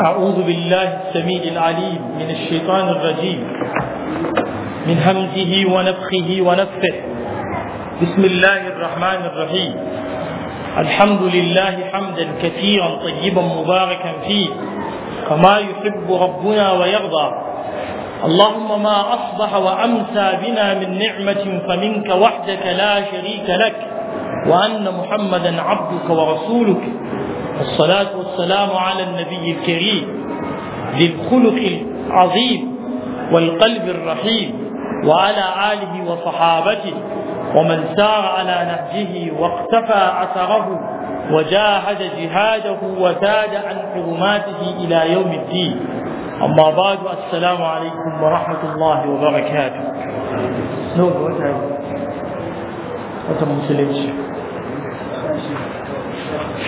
أعوذ بالله السميع العليم من الشيطان الرجيم من همزه ونفخه ونفخه بسم الله الرحمن الرحيم الحمد لله حمدا كثيرا طيبا مباركا فيه كما يحب ربنا ويرضى اللهم ما أصبح وأمسى بنا من نعمة فمنك وحدك لا شريك لك وأن محمدا عبدك ورسولك الصلاة والسلام على النبي الكريم ذي الخلق العظيم والقلب الرحيم وعلى آله وصحابته ومن سار على نهجه واقتفى أثره وجاهد جهاده وزاد عن حرماته إلى يوم الدين أما بعد السلام عليكم ورحمة الله وبركاته نور وتعالى وتمسلمش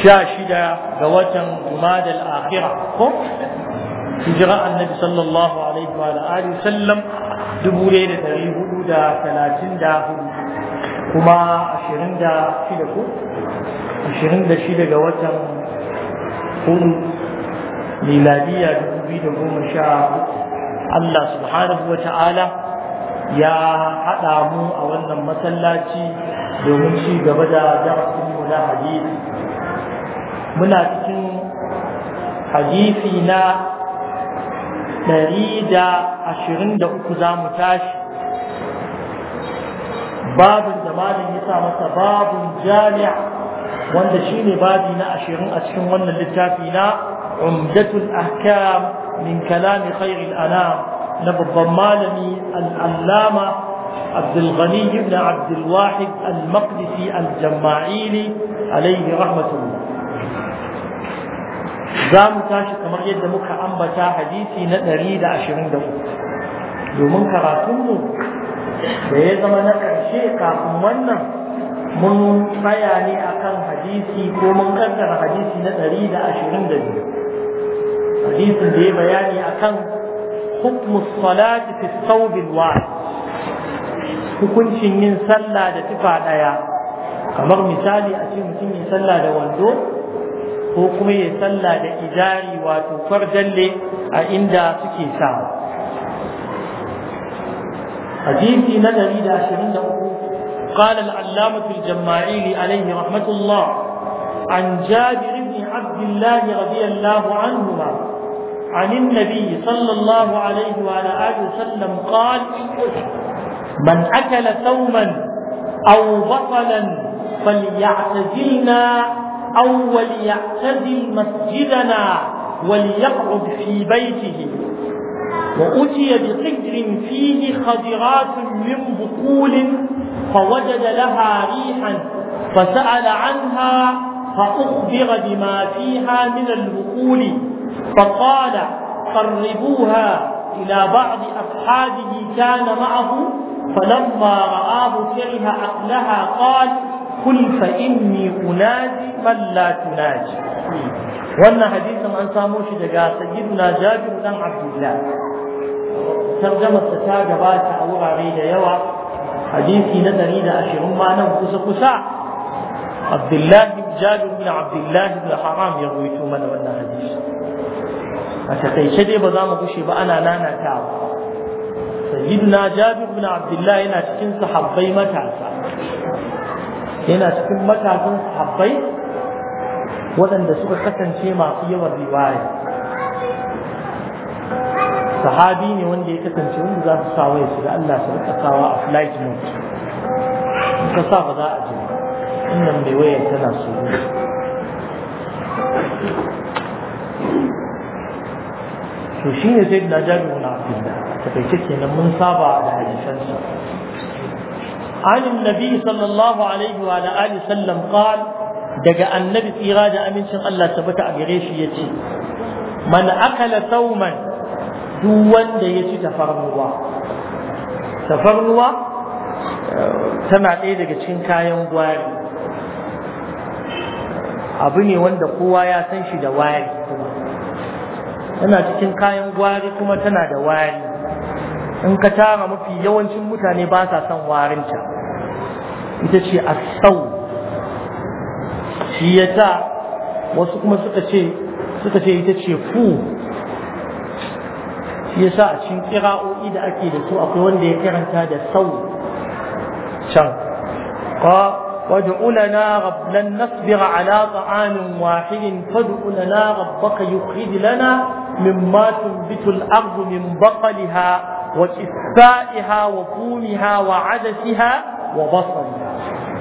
sha shida ga watan jumadal akhira ko hijira annabi sallallahu alaihi wa alihi sallam dubu ɗaya da ɗari hudu da talatin da hudu kuma ashirin da shida da watan hudu miladiya dubu biyu da goma sha Allah subhanahu wa ta'ala ya haɗa mu a wannan masallaci domin ci gaba da darasin mu muna cikin hadisi na 123 za mu tashi babin da malin ya sa masa babin jami'a wanda shi ne babi na 20 a cikin wannan littafi na umdatul ahkam min kalami khairil anam na babban malami al'allama عبد الغني بن عبد الواحد المقدسي الجماعيلي عليه رحمة الله za mu tashi kamar yadda muka ambata hadisi na 123 domin karatunmu da ya zama na ƙarshe kafin wannan mun tsaya ne akan hadisi ko mun kaddara hadisi na 122 hadisin da ya bayani akan hukmu salati fi thawbil wa? hukuncin yin sallah da tufa ɗaya kamar misali a ce mutum yin sallah da wando ko kuma ya salla da izari wato farjalle a inda suke sa hadisi na 123 قال العلامة الجماعيلي عليه رحمة الله عن جابر بن عبد الله رضي الله عنهما عن النبي صلى الله عليه وعلى آله وسلم قال من أكل ثوما أو بطلا فليعتزلنا أو وليعتزل مسجدنا وليقعد في بيته وأتي بقدر فيه خضرات من بقول فوجد لها ريحا فسأل عنها فأخبر بما فيها من البقول فقال قربوها إلى بعض أصحابه كان معه فلما رآه كره أكلها قال قل فإني أنادي من لا تنادي وانا حديث عن ساموش دقاء سيدنا جابر بن عبد الله ترجمة ستاجة باتة أو غريدة يوى حديثي نتني أشهر ما أنا وكسا كسا عبد الله بن جابر بن عبد الله بن حرام يغوي من وانا حديث أتقي شدي بضام بشي بأنا نانا كاو سيدنا جابر بن عبد الله إن أشكين صحبي متعسا yana cikin matasan sahabbai waɗanda suka kasance masu yawan riwaya sahabi ne wanda ya kasance wanda za su sawa ya shiga Allah su rika sawa a flight mode ka sa ba za a je innan mai wayar tana so to shine zai na jami'un a ta kai kenan mun saba da hadisansa عن النبي صلى الله عليه وعلى آله وسلم قال دقى النبي إرادة أمين شن الله تبتع بغيش يتي من أكل ثوما دوان دا يتي تفرنوا تفرنوا تمع إيه دقى شن كاين واري abu ne wanda kowa ya san shi da wari kuma tana cikin kayan gwari kuma tana da wari in ka tara mafi yawancin mutane ba sa son warinta ita ce asau shi ya sa wasu kuma suka ce suka ce ita ce fu shi ya sa a cikin kira'o'i da ake da su akwai wanda ya karanta da sau can ka وادع لنا رب لن نصبر على طعام واحد lana لنا ربك يخرج لنا مما تنبت الأرض من بقلها وكثائها وفومها وعدسها wa basari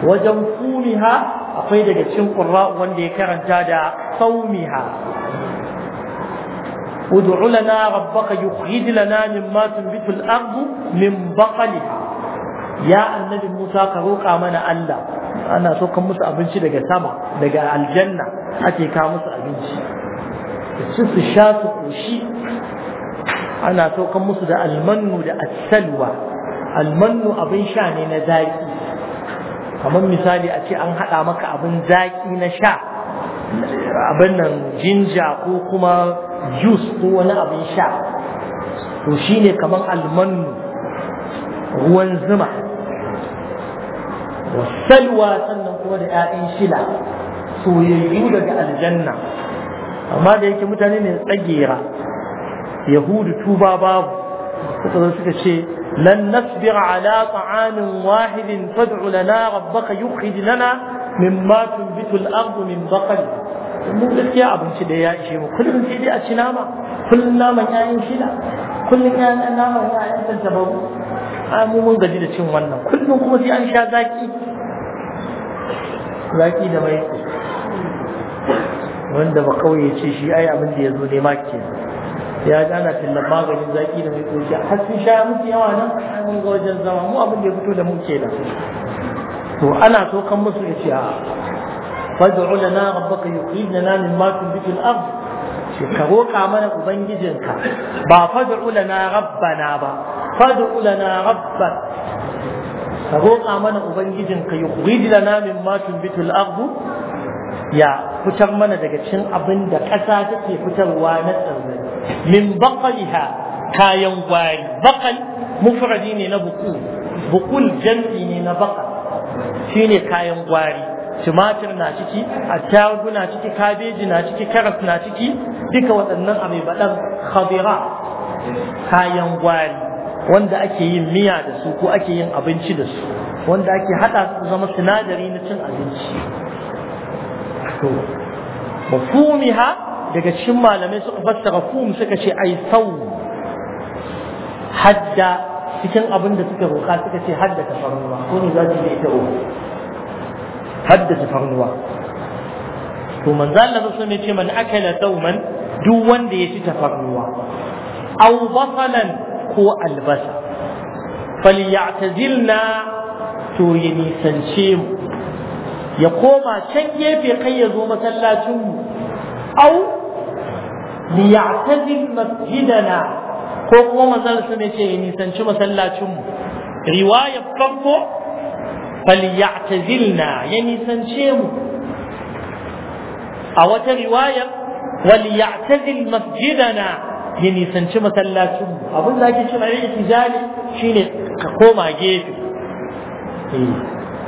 wajen fumiha akwai daga cikin qurra wanda ya karanta da saumiha ud'u lana rabbaka yukhrij lana mimma tunbitu al-ardu min baqaliha ya annabi Musa ka roƙa mana Allah ana so musu abinci daga sama daga aljanna ake ka musu abinci su su sha su koshi ana so musu da almanu da asalwa almannu abin sha ne na zaki kamar misali a ce an haɗa maka abin zaki na sha abin nan jinja ko kuma juice ko wani abin sha to ne kamar almannu ruwan zuma salwa sannan kuma da 'ya'yan shila soyayyu daga aljanna amma da yake mutane ne tsagera yahudu tuba babu suka zo suka ce لن نصبر على طعام واحد فادع لنا ربك يخرج لنا مما تنبت الارض من بقلها mu gaskiya abinci da ya ishe mu kullum sai dai a ci nama kullum naman ƴaƴan shida kullum ƴaƴan naman ƴaƴan tantabaru a mu mun gaji da cin wannan kullum kuma sai an sha zaki zaki da mai wanda ba kawai ya ce shi ai abin da ya zo ne ma kenan ya ji ana tallan maganin zaki da mai koshi har sun sha musu yawa nan an ga wajen zama mu abin da ya fito da mu kenan to ana tokan musu ya ce a fad'u lana rabbaka yukhrijna mimma tunbitu al-ard shi ka roƙa mana ubangijinka ba fad'u lana rabbana ba fad'u lana rabba ka roƙa mana ubangijinka yukhrijna mimma tunbitu al-ard ya fitar mana daga cikin abin da ƙasa take fitarwa na tsirrai min baqaliha kayan gwari baqal mufradi ne na buku bukul jam'i ne na baqal shine kayan gwari tumatir na ciki attarugu na ciki kabeji na ciki karas na ciki duka waɗannan abai baɗan khadira kayan gwari wanda ake yin miya da su ko ake yin abinci da su wanda ake haɗa su zama sinadari na cin abinci to ha. daga cikin malamai suka fassara kum suka ce ai sau hadda cikin abin da suka roƙa suka ce hadda ta farnuwa ko ne za su yi ita roƙa hadda farnuwa to man manzo Allah sun ce man akala dauman duk wanda ya ci ta farnuwa. aw basalan ko albasa falyatazilna to ya nisance mu ya koma can gefe kai ya zo masallacin mu au liya'tazil masjidana ko kuma manzon sun ce ya nisanci masallacin mu riwaya farko falyatazilna ya nisance mu a wata riwaya waliyatazil masjidana ya nisanci masallacin mu abin da ake cewa yin tijali shine ka koma gefe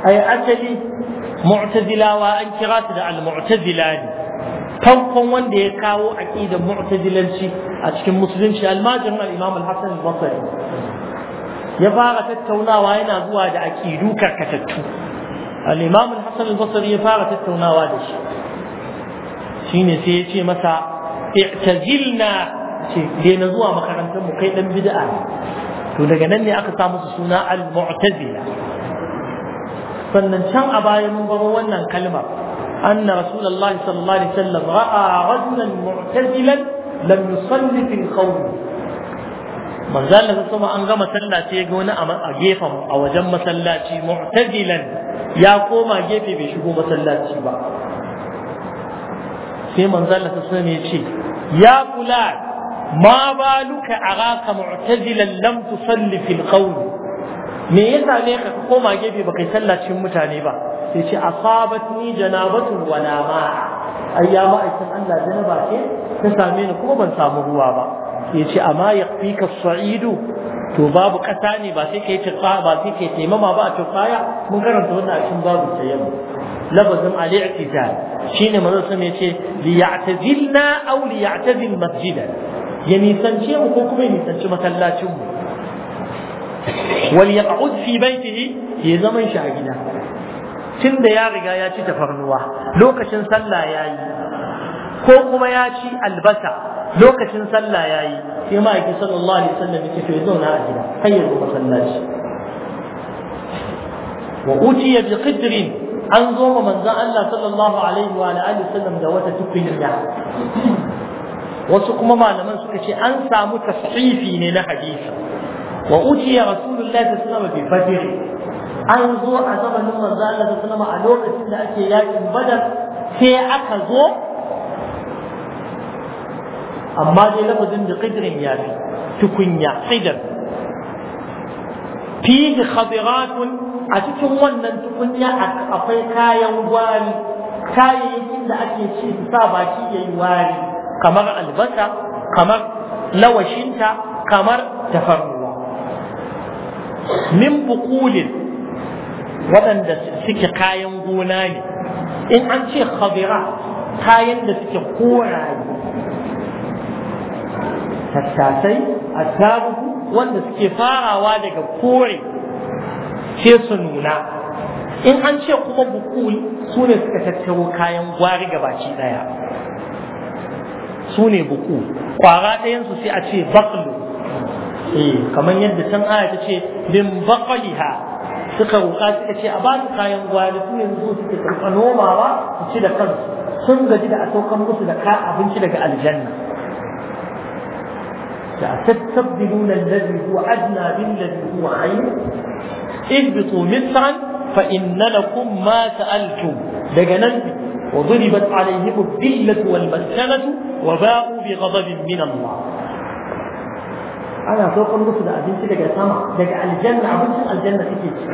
ai asali mu'tazilawa an kira su da al-mu'tazila ne farkon wanda ya kawo aqidar mu'tazilanci a cikin musulunci almajirin al-imam al al-basri ya fara tattaunawa yana zuwa da aqidu karkatattu al-imam al al-basri ya fara tattaunawa da shi shine sai ya ce masa i'tazilna ce daina zuwa makarantar mu kai dan bid'a to daga nan ne aka samu suna al-mu'tazila sannan can a baya mun baro wannan kalmar أن رسول الله صلى الله عليه وسلم رأى رجلا معتزلا لم يصلي في القوم manzan da sama an gama sallah sai ga wani a gefen a wajen masallaci mu'tazilan ya koma gefe bai shigo masallaci ba sai manzan da sama ya ce ya kula ma baluka araka mu'tazilan lam tusalli fil qawli me yasa ne ka ka koma gefe baka yi sallah mutane ba sai ce asabatni janabatu wa la ma'a ai ya ma'aikin Allah janaba ce ta same ni kuma ban samu ruwa ba ya ce amma yakfika sa'idu to babu kasa ne ba sai kai tirfa ba sai kai taimama ba a tirfaya mun karanta wannan a cikin babu tayammum lafazin al-i'tizal shine manzon sun yace li ya'tazilna aw li masjidan ya nisance mu ko kuma ya nisanci masallacin mu wal yaq'ud fi baitihi ya zaman shi a gida tunda ya riga ya ci tafarnuwa lokacin sallah yayi ko kuma ya ci albasa lokacin sallah yayi sai ma'aikin sallallahu alaihi wasallam yake to ya zauna a gida har ya zuwa sallaci wa utiya bi qidrin an zo ma manzon Allah sallallahu alaihi wa alihi wasallam da wata tukunya wasu kuma malaman suka ce an samu tasfifi ne na hadisi wa ujiya rasulullahi sallallahu alaihi wasallam bi an zo a zamanin manzo Allah sallallahu alaihi wasallam a lokacin da ake yakin badar sai aka zo amma dai lafazin da qidrin ya fi tukunya qidr fihi khadiratun a cikin wannan tukunya akwai kayan gwari kayayyakin da ake ci su sa baki yayi wari kamar albasa kamar lawashinta kamar tafarnu min bukulin waɗanda suke kayan gona ne in an ce khabira kayan da suke koraye tattasai attarugu wanda suke farawa daga kore ce su nuna in an ce kuma bukul su ne suka tattaro kayan gwari gabaci daya su ne buku. kwara ɗayansu sai a ce baklu kamar yadda can aya ta ce bin baqaliha suka roƙa suka ce a ba su kayan gwari su yanzu suke karɓa nomawa su ci da kansu sun gaji da a saukan musu da ka abinci daga aljanna alladhi huwa أتستبدلون الذي هو أدنى بالذي هو خير اهبطوا مصرا فإن لكم ما سألتم دجنا وضربت عليهم الذلة والمسكنة وباءوا بغضب من الله ana saukar musu da abinci daga sama daga aljanna abincin aljanna suke ci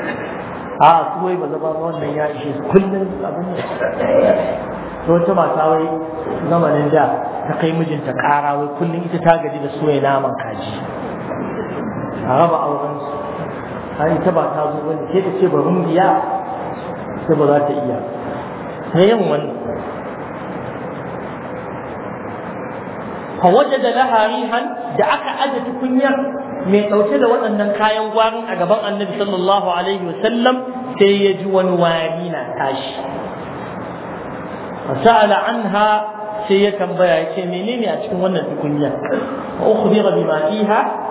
a su wai ba zaba wannan ya ishe su kullum abin da wata mata wai zamanin da ta kai mijinta ƙara wai kullum ita ta gaji da soya naman kaji a raba auren su har ita ba ta zo wani ke ta ce ba rumbiya sai ba za ta iya ta yin wannan fa wajada laha rihan da aka aje tukunyar mai dauke da waɗannan kayan gwarin a gaban annabi sallallahu alaihi wasallam sai ya ji wani wari na tashi fasa'ala anha sai ya tambaya ya menene a cikin wannan tukunyar? wa ukhbira bima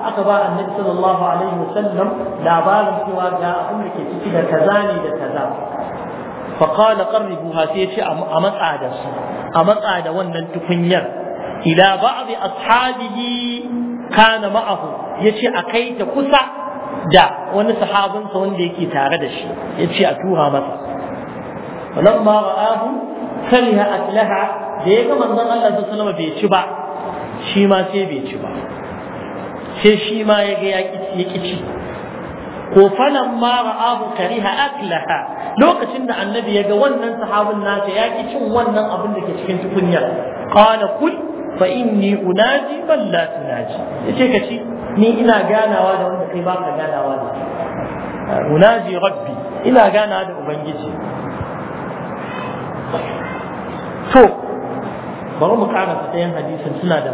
aka ba annabi sallallahu alaihi wasallam labarin cewa ga abin da ke ciki da kaza ne da kaza fa qala qarribuha sai ya ce a matsa da wannan tukunyar ila ba'd ashabihi kana ma'ahu yace akai ta kusa da wani sahabinsa wanda yake tare da shi yace a tura masa walamma ra'ahu kariha aklaha da yaga manzon Allah sallallahu alaihi bai ci ba shi ma sai bai ci ba sai shi ma yaga ya ki ci ko falan ma ra'ahu kariha aklaha lokacin da annabi ya ga wannan sahabin nasa ya ki cin wannan abin da ke cikin tukunya. qala kul fa inni unaji bal la tunaji yace ka ci ni ina ganawa da wanda kai baka ganawa da unaji rabbi ina ganawa da ubangiji to bari mu ƙara tsayen hadisin suna da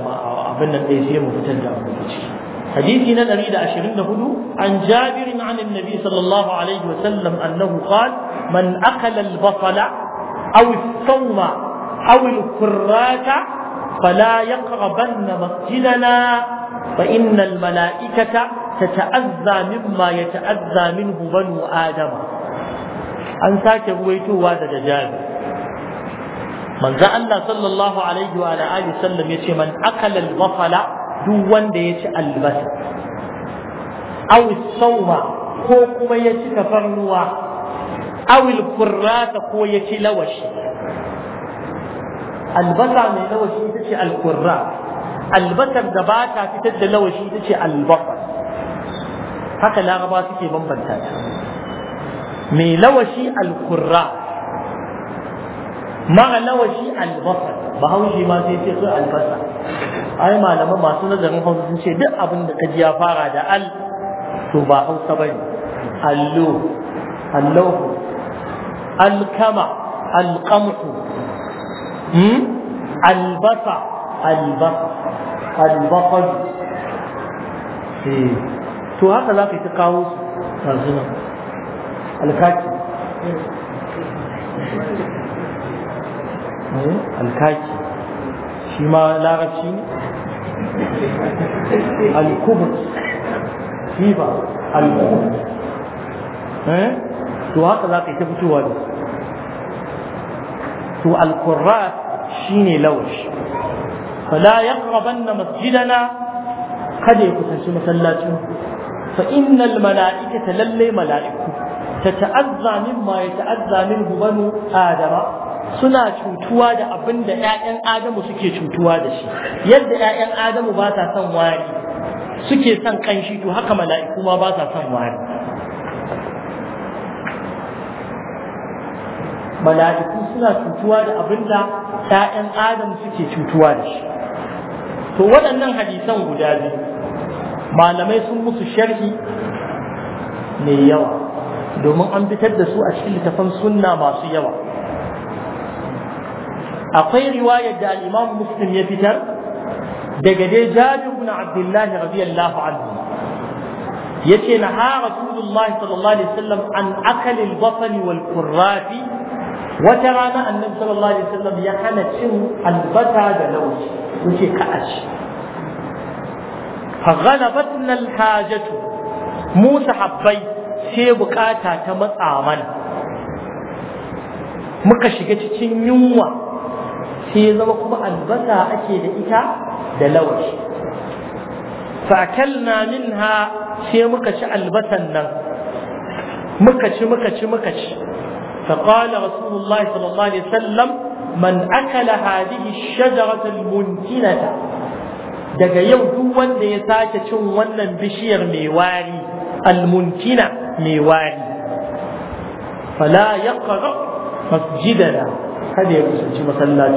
abin nan ɗaya sai mu fitar da abu ciki حديث نبي عشرين هدو عن جابر عن النبي صلى الله عليه وسلم أنه قال من أكل البصل أو الثوم أو الكرات فلا يقربن مسجدنا فإن الملائكة تتأذى مما يتأذى منه بنو آدم أن ساك ويتو هذا دجاجة من ذا أن صلى الله عليه وعلى آله وسلم يتي من أكل البصل دوان ديت البس أو الصوم هو كما يتي أو الكرات هو يتي لوشي albasa mai lawashi ita ce alkurra albasar da ba ta fitar da lawashi ita ce albasa haka laraba suke bambanta ta mai lawashi alkurra mara lawashi albasa bahaushe ma sai ce sai albasa ai malaman masu nazarin hausa sun ce duk abin da kaji ya fara da al to ba hausa ba ne allo allahu alkama alkamhu Hmm? albasa albasa albasa eh. to haka za ka ta kawo su yanzu alkaki eh? alkaki shi ma larabci ne alkubut shi ba alkubut eh? to haka za ka ta fitowa da to shine lawash fala yaqrabanna masjidana kada ya kusanci masallacin fa innal mala'ikata lalle mala'iku tata'azza mimma yata'azza minhu banu adama suna cutuwa da abin da ƴaƴan adamu suke cutuwa da shi yadda ƴaƴan adamu ba sa son wari suke son kanshi to haka mala'iku ma ba sa son wari mala'iku suna cutuwa da abin da ‘ya'yan adam suke cutuwa da shi to waɗannan hadisan guda biyu malamai sun musu sharhi mai yawa domin an fitar da su a cikin littafan sunna masu yawa akwai riwayar da al'imam muslim ya fitar daga dai jabir abdullahi radiyallahu anhu yace na ha rasulullahi sallallahu alaihi wasallam an akalin basali kurrafi. wata rana annabi sallallahu alaihi wasallam ya hana cin albasa da laushi wuce ka a ci فغلبتنا الحاجة mu sahabbai sai bukata ta matsa mana muka shiga cikin yunwa sai ya zama kuma albasa ake da ita da lawashi fakalna minha sai muka ci albasan nan muka ci muka ci muka ci فقال رسول الله صلى الله عليه وسلم من أكل هذه الشجرة المنتنة دقا يوم دوان دي ساكة بشير ميواري المنتنة ميواري فلا يقرأ مسجدنا هذا يقصد مثلا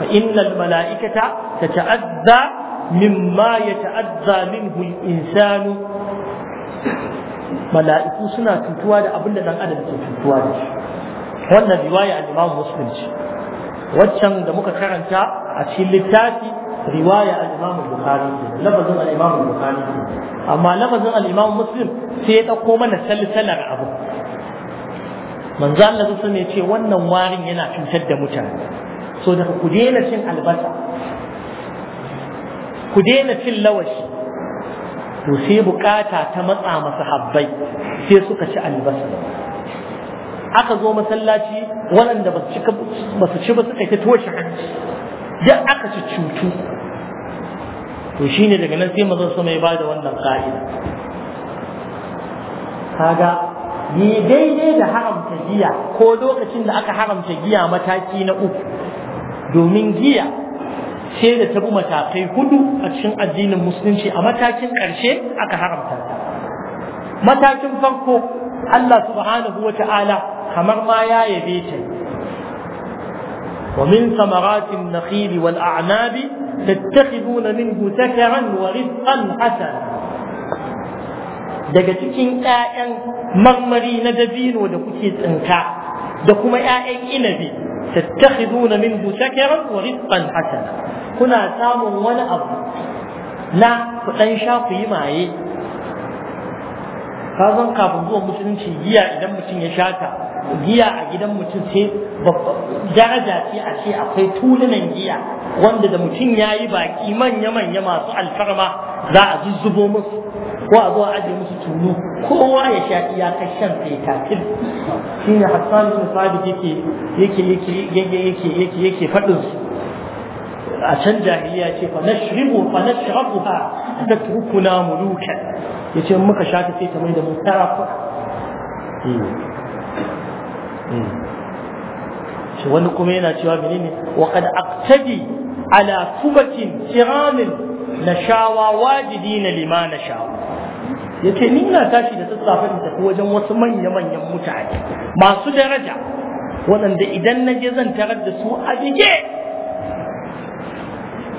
فإن الملائكة تتأذى مما يتأذى منه الإنسان mala'iku suna cutuwa da abin da dan adam ke cutuwa da shi wannan riwaya al-Imam Muslim ce waccan da muka karanta a cikin littafi riwaya al-Imam Bukhari ce lafazin al-Imam Bukhari ce amma lafazin al-Imam Muslim sai ya dauko mana salsalar abu manzo Allah sun ne ce wannan warin yana cutar da mutane so daga ku daina cin albasa ku daina cin lawashi to sai bukata ta matsa masa habbai sai suka ci albasa aka zo masallaci waɗanda ba su ci ba suka ta toshe hanci duk aka ci cutu to shine daga nan sai mazan sama ya ba da wannan ka'ida kaga ni daidai da haramta giya ko lokacin da aka haramta giya mataki na uku domin giya sai da ta bi matakai hudu a cikin addinin musulunci a matakin ƙarshe aka haramta ta matakin farko Allah subhanahu wa ta'ala kamar ma ya yabe ta wa min samaratin nakhili wal a'nabi tattakhiduna minhu sakaran daga cikin ƴaƴan marmari na dabino da kuke tsinka da kuma ƴaƴan inabi تتخذون منه سكرا ورزقا حسنا كنا سام ولا أبو لا كدن شافي معي kazan kafin zuwa musulunci giya idan mutum ya shata giya a gidan mutum sai daraja ce a ce akwai tulunan giya wanda da mutum ya yi baki manya-manya masu alfarma za a zuzzubo musu ko a zo a aje musu tunu, kowa ya sha iyakar shan sai tatil shine Hassan bin Sabit yake yake yake yake yake yake fadin su a can jahiliya ce fa nashribu fa nashrabuha tatrukuna mulukan yace muka sha ta sai ta mai da mu tarafa hmm. hmm. wani kuma yana cewa menene wa qad aqtadi ala kubatin kiramin nashawa wajidina lima nashawa yace ni ina tashi da sassafe da tafi wajen wasu manya-manyan mutane masu daraja waɗanda idan na je zan tarar da su a Wajibi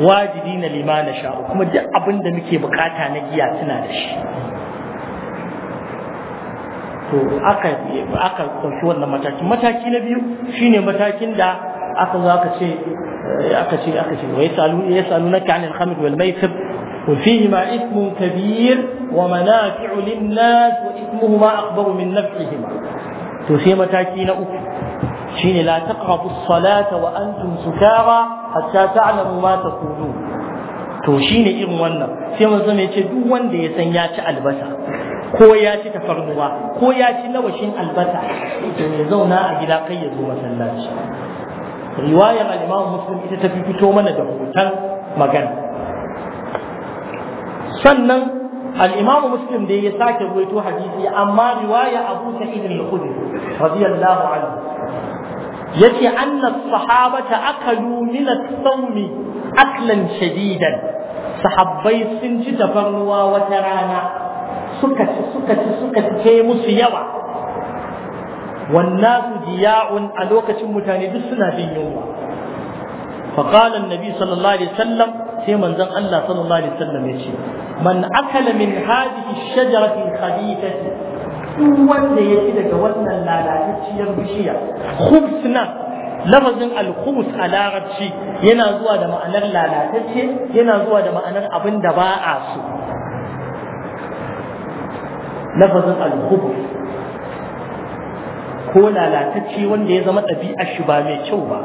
wajidi na lima na sha kuma duk abin da muke bukata na giya suna da shi to aka aka ɗauki wannan mataki mataki na biyu shine matakin da أخذ أخذ شيء أخذ شيء أخذ شيء ويسألون يسألونك عن الخمر والميسر وفيهما إثم كبير ومنافع للناس وإثمهما أكبر من نفعهما توسيما تاكينا أخي شين لا تقربوا الصلاة وأنتم سكارى حتى تعلموا ما تقولون توشين إغوانا سيما زمي تدوان دي سنياتي ألبسا كوياتي تفرنوا كوياتي نوشين ألبسا يزونا أجلاقي يزو مثلاتي riwayar al-Imam Muslim ita ta fito mana da hoton magana sannan al-Imam Muslim da ya sake ruwaito hadisi amma riwaya Abu Sa'id al-Khudri radiyallahu anhu yace anna sahabata akalu min as aklan shadidan sahabbai sun ci tafarnuwa wata rana suka ci suka ci suka ci musu yawa والناس جياع ألوكة متاني بسنا في يوم فقال النبي صلى الله عليه وسلم sai manzon Allah sallallahu alaihi wasallam ya ce man akala min hadhihi ash-shajarati al duk wanda ya ci daga wannan lalatacciyar bishiya khubsna lafazin al-khubs a larabci yana zuwa da ma'anar lalatacce yana zuwa da ma'anar abin da ba a so lafazin al-khubs ko lalatacce wanda ya zama ɗabi'ar shi ba mai kyau ba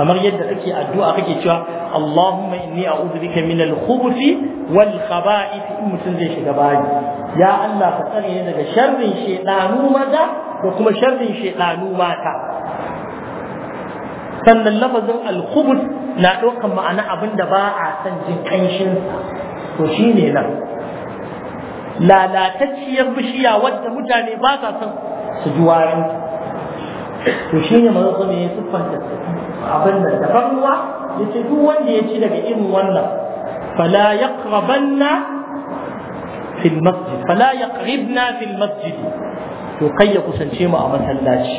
kamar yadda kake addu'a kake cewa Allahumma inni a'udhu bika min al-khubuthi wal khaba'ith in mutum zai shiga bayi ya Allah ka tsare ni daga sharrin shedanu maza da kuma sharrin shedanu mata sannan lafazin al-khubuth na ɗaukar ma'ana abin da ba a san jin kanshin to shine nan lalatacciyar bishiya wadda mutane ba sa son su ji warin to shi ne mazo ne ya siffanta abin da da ruwa ya ce duk wanda ya ci daga irin wannan fala yaqrabanna fil masjid fala yaqribna fil masjid to kai ya kusance mu a masallaci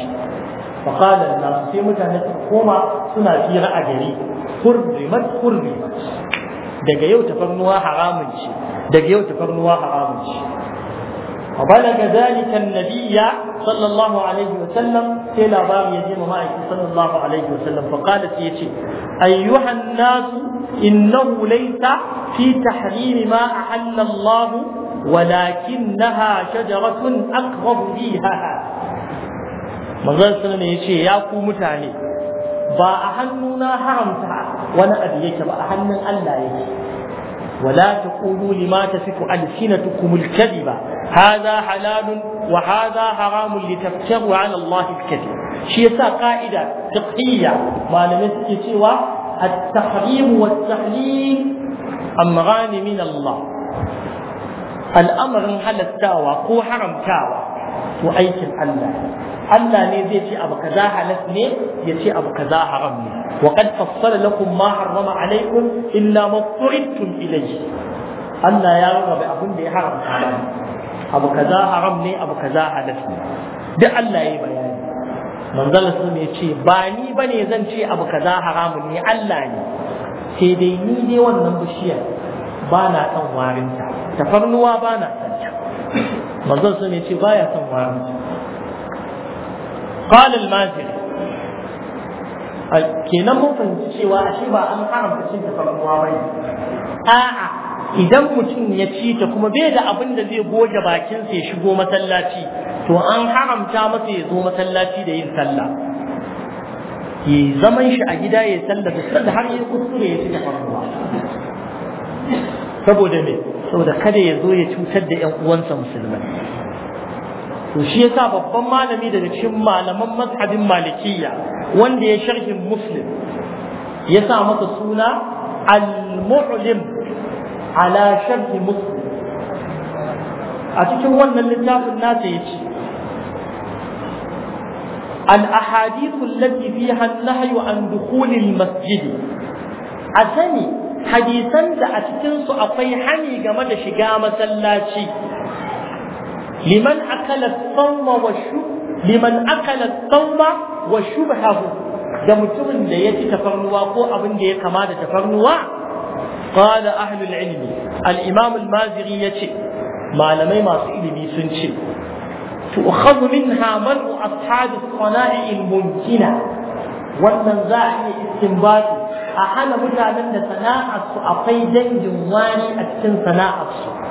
فقال الناس sai mutane su koma suna fira a gari hurrimat hurrimat daga yau tafarnuwa haramun ce yau tafarnuwa haramun ce balaga zalika an-nabiyya sallallahu alaihi wa sallam sai labari ya je mamaki sallallahu alaihi wa sallam fa qala sai yace ayyuha an-nas innahu laysa fi tahrim ma ahalla Allah walakinnaha shajaratun aqrabu biha manzon sallallahu alaihi wa sallam yace ya ku mutane ba a hannu na haramta wani abu yake ba a hannun Allah yake ولا تقولوا لما تصف ألسنتكم الكذب هذا حلال وهذا حرام لتفتروا على الله الكذب شيء قاعدة فقهية ما لمسك سوى التحريم والتحليل أمران من الله الأمر هل التاوى قو حرم تاوى وأيك الله Allah ne zai ce abu kaza halas ne ya ce abu kaza haram ne wa qad fassala lakum ma harrama alaykum illa ma tu'ittum ilayhi Allah ya raba abin da ya haramta abu kaza haram ne abu kaza halas ne duk Allah ya bayani manzala sun ya ce ba ni bane zan ce abu kaza haramun ne Allah ne sai dai ni ne wannan bishiyar ba na son warinta tafarnuwa ba na son ta manzon sun ya ce baya son warinta قال المازري kenan mun fahimci cewa ashe ba an haramta cin tafarnuwa ba a'a idan mutum ya ci ta kuma bai da abin da zai goge bakinsa ya shigo masallaci to an haramta masa ya zo masallaci da yin sallah ya zaman shi a gida ya sallah da har ya kuskure ya ci tafarnuwa saboda me saboda kada ya zo ya cutar da 'yan uwansa musulmai to shi yasa babban malami daga cikin malaman mazhabin malikiya wanda ya sharhin muslim ya sa masa suna al-mu'lim ala sharhi muslim a cikin wannan littafin nasa ya ce الأحاديث التي فيها النهي عن دخول المسجد أسني hadisan da a cikinsu akwai hani game da shiga masallaci لمن أكل الثوم والشبه لمن أكل الثوم وشبهه ده من ديت تفرنوا أبو أبن ديت كمادة تفرنوا قال أهل العلم الإمام المازغي يتي ما لم يمس إلي تؤخذ منها مرء أصحاب الصناع الممكنة wannan za a iya istinbatu a hana mutanen da sana'arsu akwai dangin wani a cikin sana'arsu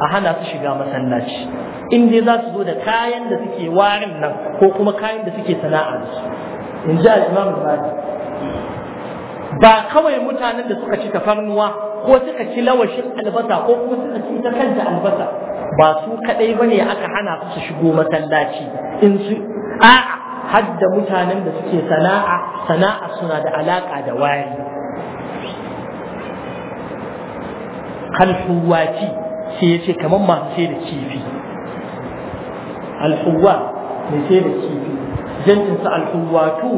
a hana su shiga masallaci in dai za su zo da kayan da suke warin nan ko kuma kayan da suke sana'a da su in ji al ba kawai mutanen da suka ci tafarnuwa ko suka ci lawashin albasa ko kuma suka ci ta kanta albasa ba su kadai ne aka hana su shigo masallaci in su a'a hadda mutanen da suke sana'a sana'a suna da alaƙa da wari kalfuwaci sai ya ce kamar masu sai da kifi alhuwa mai sai da kifi jantinsa alhuwatu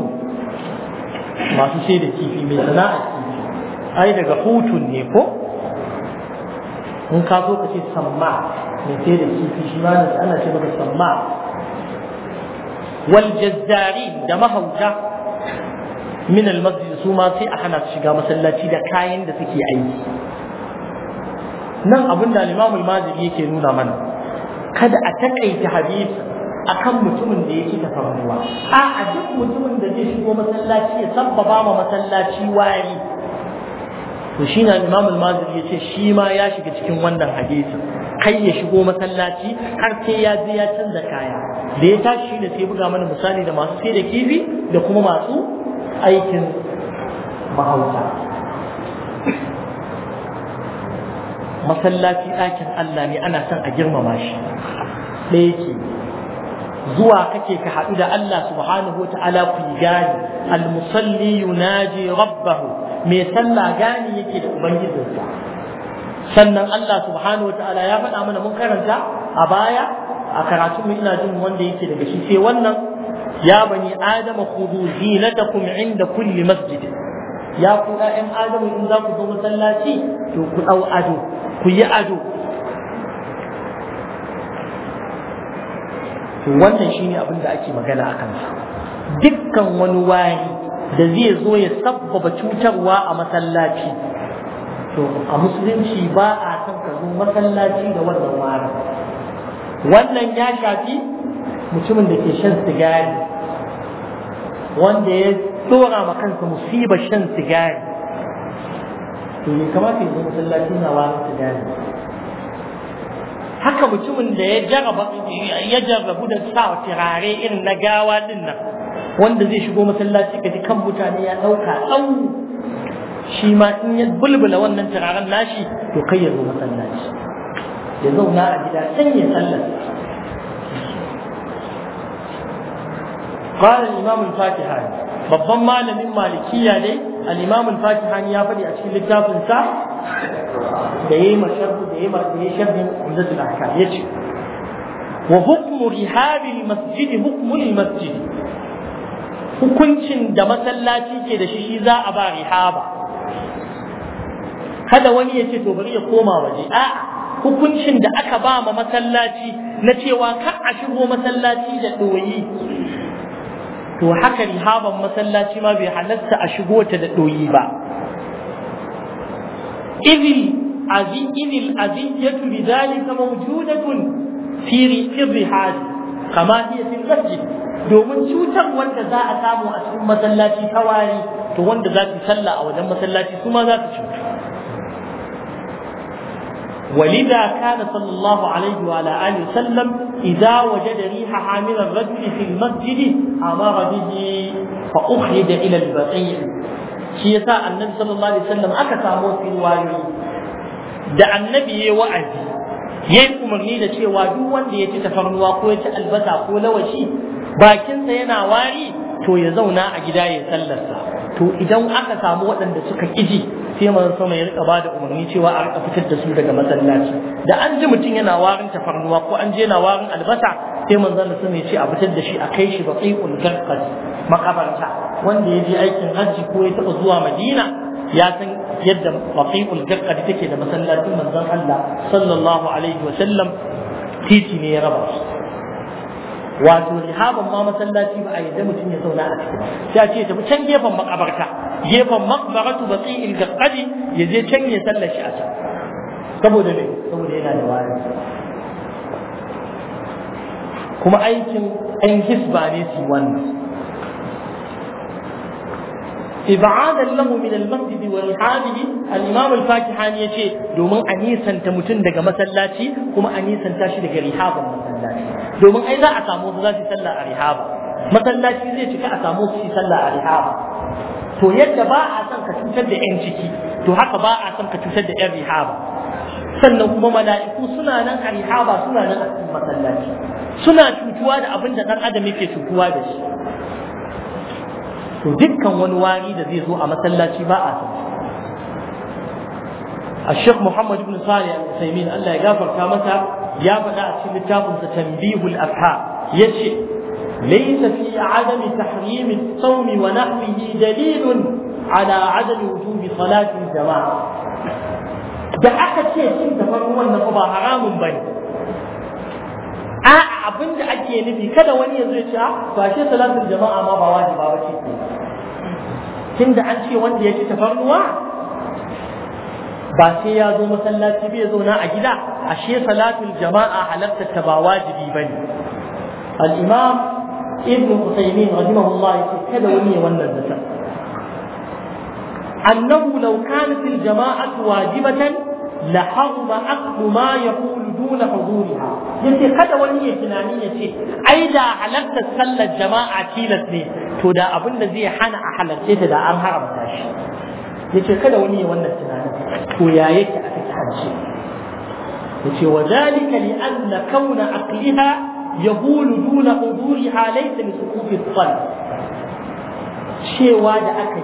masu sai da kifi mai sana'a kifi ai daga hutun ne ko in ka zo ka ce samma mai sai da kifi shi ma ana ce maka samma wal jazzari da mahauta min al masjid su ma sai a hana shiga masallaci da kayan da suke aiki nan abin da Imam al-Maziri yake nuna mana kada a takaita hadisi akan mutumin da yake tafarnuwa a a duk mutumin da zai shigo masallaci ya sabbaba ma masallaci wari to shi na Imam al yace shi ma ya shiga cikin wannan hadisi kai ya shigo masallaci har sai ya je ya canza kaya da ya tashi da sai buga mana misali da masu sai da kifi da kuma masu aikin mahauta masallaci ɗakin Allah ne ana son a girmama shi ɗaya ke zuwa kake ka haɗu da Allah subhanahu wa ta'ala ku gani almusalli yunaji rabbahu mai sallah gani yake da ubangijinsa sannan Allah subhanahu wa ta'ala ya faɗa mana mun karanta a baya a karatu mu ina jin wanda yake daga shi sai wannan ya bani adama khudu zinatakum inda kulli masjid ya ku ɗayan adamu in za ku zo masallaci to ku ɗau ado ku yi ado to wannan shine abin da ake magana a kansa dukkan wani wari da zai zo ya sabbaba cutarwa a masallaci to a musulunci ba a san ka zo masallaci da wannan wari wannan ya shafi mutumin da ke shan sigari wanda ya dora ma kansa musibar shan sigari to ya kamata yanzu masallaci na wani su haka mutumin da ya jarraba ya jarrabu da sa turare irin na gawa din nan wanda zai shigo masallaci ka ji kan mutane ya ɗauka au. shi ma in ya bulbula wannan turaren nashi to kai ya zo masallaci ya zauna a gida can ya sallar قال الإمام الفاتحة babban malamin malikiya dai al Fati al ya faɗi a cikin littafin sa da yayi masharhu da yayi martani sharhin umdatul ahkam yace wa hukmu masjidi masjid ne masjidi. hukuncin da masallaci ke da shi shi za a ba rihaba kada wani ya ce to bari ya koma waje a'a hukuncin da aka ba ma masallaci na cewa kan a shigo masallaci da doyi to haka rihaban masallaci ma bai halatta a shigo ta da doyi ba idil azi idil aziyatu bidhalika mawjudatun fi rihab kama hiya fil masjid domin cutar wanda za a samu a cikin masallaci tawari to wanda za ki sallah a wajen masallaci kuma za ta cutu ولذا كان صلى الله عليه وعلى آله وسلم إذا وجد ريح حامل الرجل في المسجد أمر به فأخرج إلى البقيع شيء النبي صلى الله عليه وسلم أكثر موت الوالي دع النبي وعدي yayi umarni da cewa duk wanda ya ci tafarnuwa ko ya ci albasa ko lawashi bakinsa yana wari to ya zauna a gida ya sallarsa to idan aka samu waɗanda suka kiji sai sama ya rika bada umarni cewa a rika fitar da su daga masallaci da an ji mutum yana warin tafarnuwa ko an je yana warin albasa sai manzon sama ya ce a fitar da shi a kai shi baqiul garqad makabarta wanda ya je aikin hajji ko ya taba zuwa madina ya san yadda baqiul garqad take da masallacin manzon Allah sallallahu alaihi wa sallam titi ne ya raba su wato rihaban ma masallaci ba a yadda mutum ya zauna a ciki sai a ce tafi can gefen makabarta gefen makabaratu ba sai ilga kadi ya je can ya sallashi a can saboda me saboda yana da wayar kuma aikin ɗan hisba ne su wannan ibadan lahu min al-masjid wa hadidi al-imam al-fakihani yace domin a nisanta mutum daga masallaci kuma a nisanta shi daga rihaban masallaci domin ai za a samu su zasu sallah a rihaba masallaci zai cika a samu su sallah a rihaba to yadda ba a san ka cutar da yan ciki to haka ba a san ka cutar da yan rihaba sannan kuma mala'iku suna nan a rihaba suna nan a cikin masallaci suna cutuwa da abin da dan adam yake cutuwa da shi to dukkan wani wari da zai zo a masallaci ba a san الشيخ محمد بن صالح العثيمين الله يغفر كامتا يا بدأ في تنبيه الأفهام يشي ليس في عدم تحريم الصوم ونحوه دليل على عدم وجوب صلاة الجماعة da aka ce cin tafarnuwan na ba haramun bane a abin da ake nufi kada wani ya zai ce ba shi salatin jama'a ma ba wajiba ba ce tunda an ce wanda ya ci tafarnuwa ba sai ya zo masallaci bai zauna a gida ashe salatul jama'a halarta ta ba wajibi bane al-imam ibn Uthaymeen rahimahullah yace kada wani ya wannan zata annahu law kanat al-jama'atu wajibatan لحظم أخذ ما يقول دون حضورها يعني قد وني تنانية شيء أي دا علقت الجماعة كيلت لي تو دا أبن زي حانا أحلت شيء دا أم هرم تاش يعني قد وني ون تنانية تو يا يك أفتحان وذلك لأن كون عقلها يقول دون حضورها ليس من سقوط الصلاة شيء واد أكل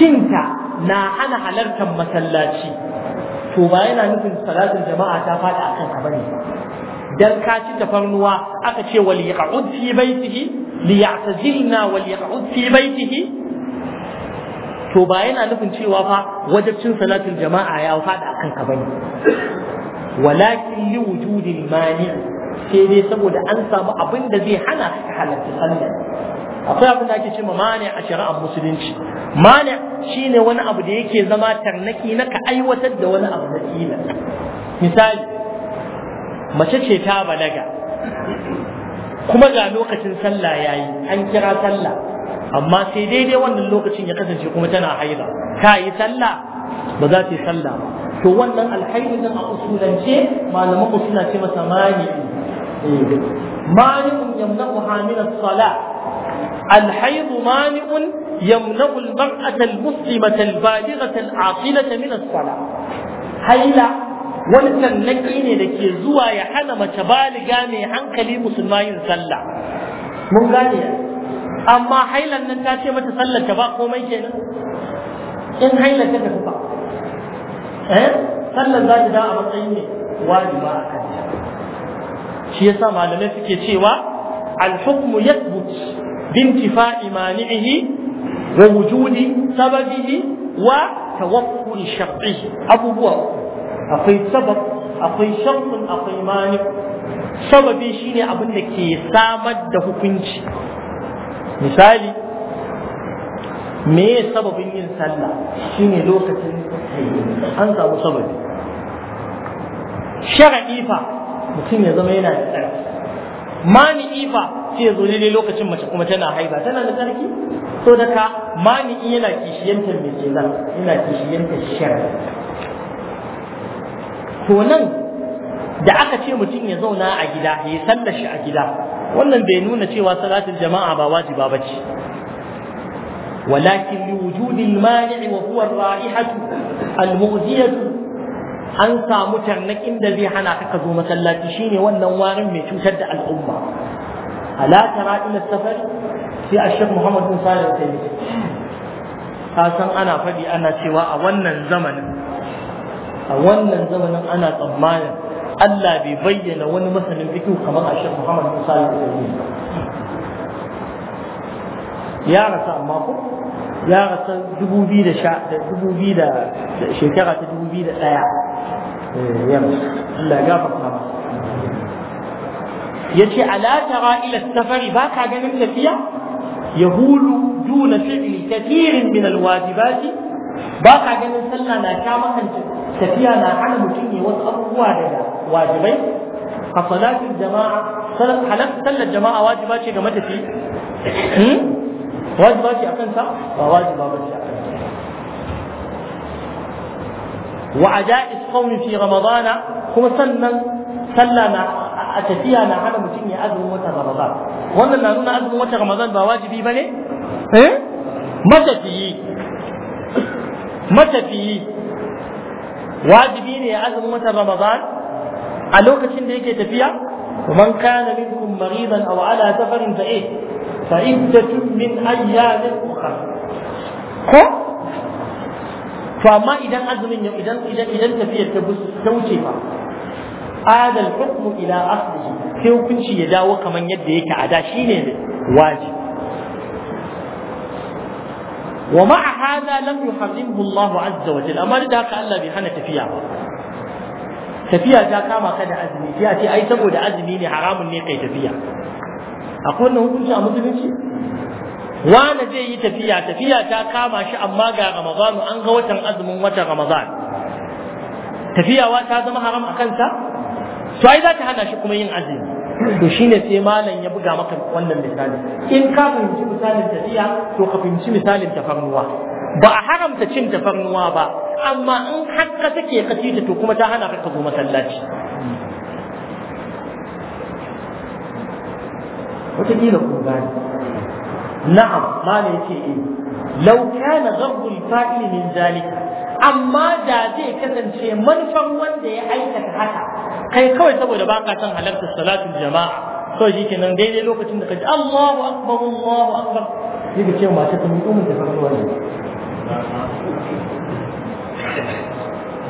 شنكا na hana halartar masallaci to ba yana nufin salatin jama'a ta faɗi akan ka bane dan ka ci tafarnuwa aka ce wal yaqud fi baitihi li ya'tazilna wal yaqud fi baitihi to ba yana nufin cewa fa wajibcin salatin jama'a ya faɗi akan ka bane walakin li wujudil mani sai dai saboda an samu abin da zai hana ka halarta sallar akwai abin da ake cewa mani a shari'ar musulunci mani shine wani abu da yake zama tarnaki na ka aiwatar da wani abu na kila misali mace ce ta balaga kuma ga lokacin sallah yayi an kira sallah amma sai daidai wannan lokacin ya kasance kuma tana haila ta yi sallah ba za ta yi sallah ba to wannan alhaidu nan a usulance malaman suna ce masa mani eh, mani yamna'uha min as الحيض مانع يمنع المرأة المسلمة البالغة العاقلة من الصلاة هيلا wannan naki ne da ke zuwa ya hana mace baliga mai hankali musulma yin sallah mun gane amma hailan nan ta ce mata sallar ta ba komai kenan in hailan ta tafi ba eh sallar za ta da a matsayin ne wajiba a kanta shi yasa malamai suke cewa al-hukmu yathbut بانتفاء مانعه ووجود سببه وتوكل شرعه أبو بكر أقي سبب أقي شرط أقي مانع sababi shine abin da ke samar da hukunci misali me sababin yin sallah shine lokacin an samu sababi shara'i fa mutum ya zama yana da tsarki mani'i Ifa sai zo daidai lokacin mace kuma tana haiba tana da sarki? so da ka mani'i yana kishiyantar mai ke yana kishiyantar shar to nan da aka ce mutum ya zauna a gida ya salla shi a gida wannan bai nuna cewa salatin jama'a ba wajiba ba ce ولكن لوجود المانع وهو al المؤذية an samu tarnaƙin da zai hana ka zo masallaci shine wannan warin mai cutar da al'umma ala tara ila safar sai a ashir muhammad bin salih ta yi ka san ana faɗi ana cewa a wannan zamanin a wannan zamanin ana tsammanin Allah bai bayyana wani masanin fikihu kamar a ashir muhammad bin salih ta yi ya rasa amma ko ya rasa dubu biyu da da sha, dubu biyu da shekara ta dubu biyu da ɗaya Eh, yams Allah ya gafarta ba yace ala tara ila safari ba ka ganin tafiya yahulu duna fi'li kathirin min alwajibati ba ka ganin sallah na sha makanta tafiya na hana mutum ne wasu abubuwa daga wajibai a salatin jama'a sallar jama'a wajiba ce ga matafi hmm? wajiba ce akan sa ba wajiba ba ce akan wa aja'is qawmi fi ramadana kuma sannan sallah na a tafiya na hana mutum ya azumin watan ramadan wannan na nuna azumin watan ramadan ba wajibi bane eh matafiyi matafiyi wajibi ne ya azumin watan a lokacin da yake tafiya ومن كان منكم مريضا او على سفر فايه فعدة من ايام اخرى to amma idan azumin idan idan ta ta wuce fa ada al hukmu ila aslihi sai hukunci ya dawo kaman yadda yake a da shine wajibi wa ma'a hada lam yuharrimhu Allah azza wa jalla amma da haka Allah bai hana tafiya ba tafiya ta kama ka da azumi sai a ce ai saboda azumi ne haramun ne kai tafiya akwai wannan hukunci a musulunci wani zai yi tafiya tafiya ta kama shi amma ga ramadanu an ga watan azumin watan ramadan tafiyawa ta zama haram a kansa to ai za ta hana shi kuma yin azumi to shine sai malam ya buga maka wannan misali in ka fahimci misalin tafiya to ka fahimci misalin tafarnuwa ba a haramta cin tafarnuwa ba amma in hakka take ka ci to kuma ta hana ka zo masallaci wataƙila ku gane na'am mana yace eh law kana ghabbu al-fa'il min amma da zai kasance manufan wanda ya aikata haka kai kawai saboda baka son halartar salatul jama'a kawai shikenan daidai lokacin da kaji Allahu akbar Allahu akbar yake ce mata ta mutum da farko ne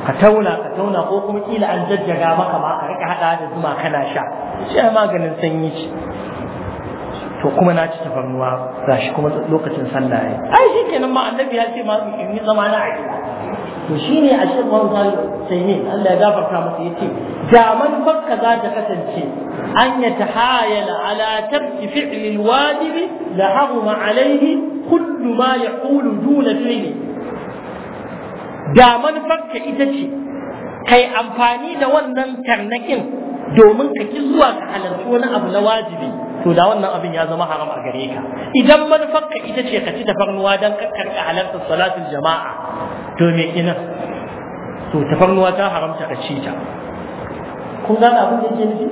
ka tauna ka tauna ko kuma kila an jajjaga maka ma ka rika hada da zuma kana sha shi maganin sanyi ce to kuma na ci tafarnuwa gashi kuma lokacin sallah ya ai shi kenan ma annabi ya ce ma in yi zama na aiki to ne a shirin ban zai sai ne Allah ya gafarta masa yace da manufar ka za ta kasance an ya tahayala ala tabti fi'li alwajibi la haruma alaihi kullu ma yaqulu duna fi'li da manufar ka ita ce kai amfani da wannan tarnakin domin ka ki zuwa ka halarci wani abu na wajibi to da wannan abin ya zama haram a gare ka idan manufarka ita ce ka ci tafarnuwa don ka halarta salatul jama'a to me kina to tafarnuwa ta haramta ka ci ta kun gane abin da ke nufi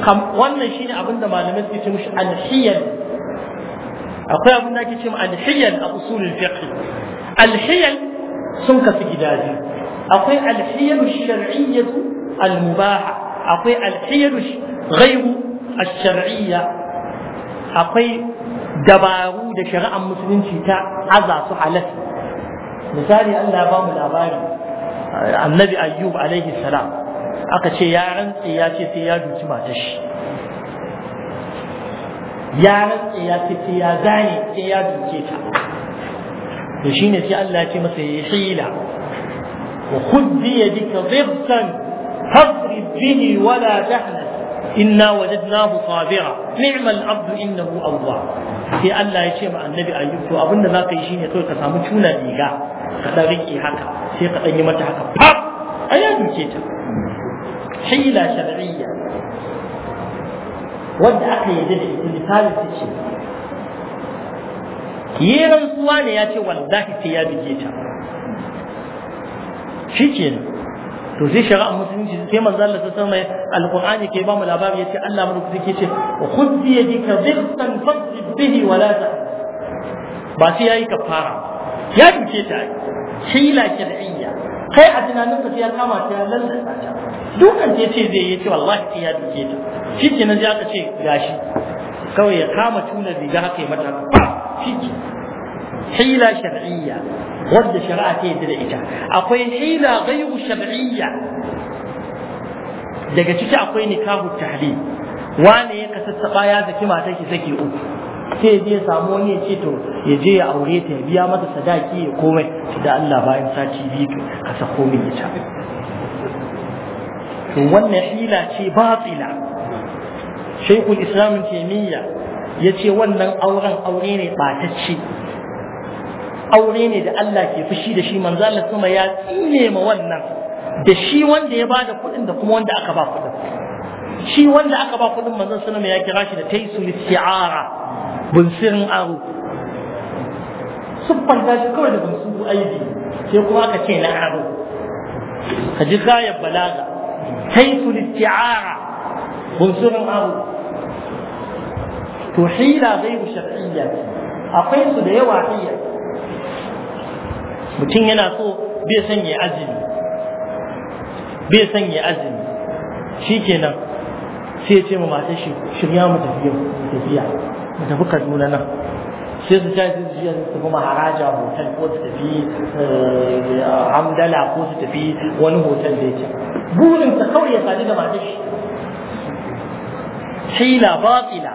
kam wannan shine abin da malamai suke ce mishi alhiyal akwai abin da ake ce alhiyal a usulul fiqh alhiyal sun kasu gida biyu akwai alhiyal shar'iyyatu al-mubaha akwai alhiyal ghayru الشرعية akwai dabaru da shari'ar musulunci ta aza su halas misali Allah ya bamu labari annabi ayyub alaihi salam aka ce ya rantse ya ce sai ya duci matar shi ya rantse ya ce sai ya zane sai ya duce ta to shine sai Allah ya ce masa ya hila wa khudhi yadika dhibtan fadrib bihi wala tahna inna wajadnahu sabira ni'mal abdu innahu awwab sai Allah ya ce ma annabi ayyub to abinda zaka yi shine kawai ka samu tuna riga ka dan rike haka sai ka dan yi mata haka fap aya duke ta hila shar'iyya wanda aka yi da ita misali ta ce yi rantsuwa ne ya ce wallahi sai ya bige ta shi kenan to sai shari'ar musulunci sai manzo Allah ta sama alqur'ani ke ba mu labari yace Allah mu kuke ce wa khudh bi yadika dhifan fadrib bihi wa la ta ba sai yayi kafara ya duke ta hila shar'iyya kai a tunanin ka ya kama ta lallata ta dukan ta yace zai yace wallahi sai ya duke ta shi kenan sai aka ce gashi kawai ya kama tuna riga haka ya mata shi hila shar'iyya wadda shari'a ta yadda da ita akwai hila ghairu shar'iyya daga ciki akwai nikahu tahlil wane ya kasassaba ya zaki matar ki saki uku sai je samu wani ya ce to ya je ya aure ta ya biya mata sadaki ya komai da Allah bayan sati biyu ka sako min ita to wannan hila ce batila shaikul islam taimiyya yace wannan auren aure ne ɓatacce aure ne da Allah ke fushi da shi manzo Allah kuma ya tsine ma wannan da shi wanda ya bada kuɗin da kuma wanda aka ba kuɗin shi wanda aka ba kuɗin manzo sallama ya kira shi da taisul isti'ara bunsirin aro siffan ta shi kawai da bunsu aibi sai kuma aka ce na aro ka ji gayar balaga taisul isti'ara bunsirin aro to hila gairu shar'iyya akwai su da yawa hiyar mutum yana so bai san ya azumi bai san ya azumi shi nan sai ce ma matar shi shirya mu tafiya mu tafiya mu tafi kaduna nan sai su tafi su jiya su tafi maharaja hotel ko su tafi eh, hamdala ko su tafi wani hotel da yake burin ta kawai ya sadu da matar shi hila batila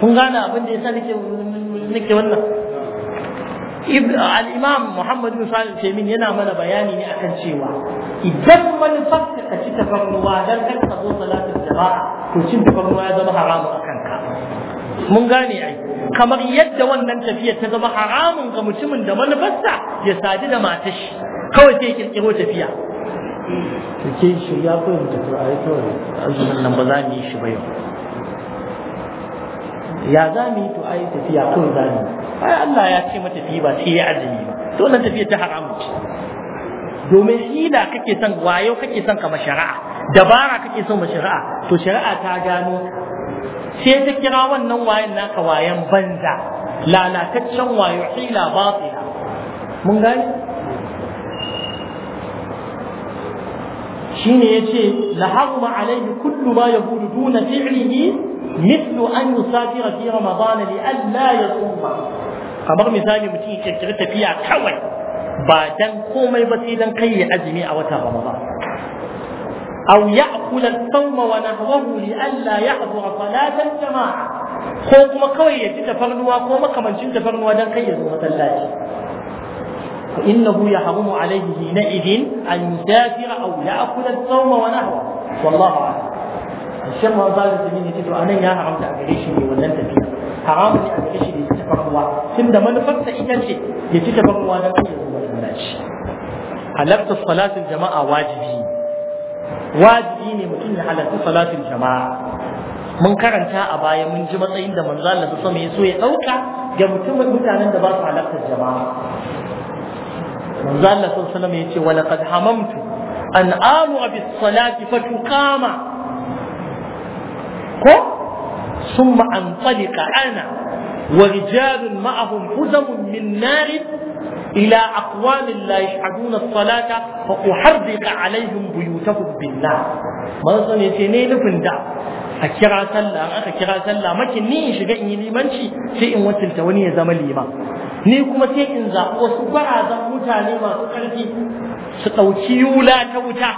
kun gane abin da ya sa nake wannan al'imam Muhammad bin Salim Taimin yana mana bayani ne akan cewa idan manufarka ka ci tafarnuwa don kan ka zo salatin jama'a to cin tafarnuwa ya zama haramun a kanka mun gane ai kamar yadda wannan tafiyar ta zama haramun ga mutumin da manufarsa ya sadu da matar shi kawai sai kirkiro tafiya ke shi ya fahimta a yi kawai azumin nan ba za mu yi shi ba yau ya za mu yi to a yi tafiya kawai za mu yi ai Allah ya ce mata tafi ba sai ya azumi ba to wannan tafiya ta haramu ce domin hila kake son wayo kake son kama shari'a dabara kake son ma shari'a to shari'a ta gano sai ta kira wannan wayan naka wayan banza lalataccen wayo hila batila mun gani shine yace la haruma alayhi kullu ma yahudu duna fi'lihi mithlu an yusafira fi ramadana li alla yasuma kamar misali mutum ya kirkiri tafiya kawai ba dan komai ba sai dan kai ya azumi a watan ramadan aw ya'kula al-sawma wa nahwahu li alla yahdura salatan jama'a ko kuma kawai ya ci tafarnuwa ko makamancin tafarnuwa dan kai ya zo masallaci فإنه يحرم عليه حينئذ أن يسافر أو يأكل الصوم ونحوه والله أعلم الشيخ وقال للزميل يقول أنا يا حرمت على شيء ولن تفيد haramun ne a gare shi da ya ci tafarnuwa tunda manufarsa ita ce ya ci tafarnuwa na kan ya zuwa lalaci halarta salatin jama'a wajibi wajibi ne mutum ya halarta salatin jama'a mun karanta a baya mun ji matsayin da manzo Allah sama ya so ya dauka ga mutumin mutanen da ba su halartar jama'a manzo Allah sallallahu ya ce wa laqad hamamtu an amu bis salati fatuqama ko ثم أنطلق أنا ورجال معهم حزم من نار إلى أقوام لا يشهدون الصلاة فأحرق عليهم بيوتهم بالنار ما يتيني سنين دا أكرا سلا أكرا سلا ما كني شجع ليمانشي شيء وصل توني زمن ليمان ni kuma sai in zaɓi wasu gwarazan mutane masu ƙarfi su ɗauki yula ta wuta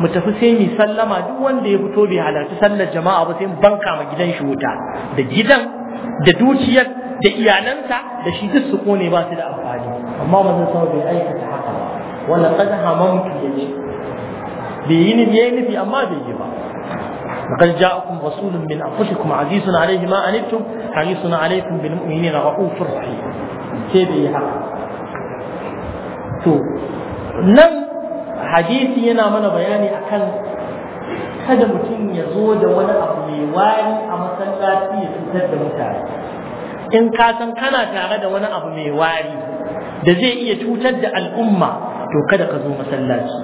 mu tafi sai mu sallama duk wanda ya fito bai halarci sallar jama'a ba sai mu banka ma gidan shi wuta da gidan da dukiyar da iyalansa da shi duk su kone ba su da amfani amma manzon sama bai aikata haka ba wala qad hamamtu yace bai yi nufi yayi nufi amma bai yi ba لقد جاءكم رسول من انفسكم عزيز عليه ما انتم حريص عليكم بالمؤمنين رؤوف رحيم sai bai yi haka to nan hadisi yana mana bayani akan kada mutum ya zo da wani abu mai wari a masallaci ya cutar da mutane in ka san kana tare da wani abu mai wari da zai iya cutar da al'umma to kada ka zo masallaci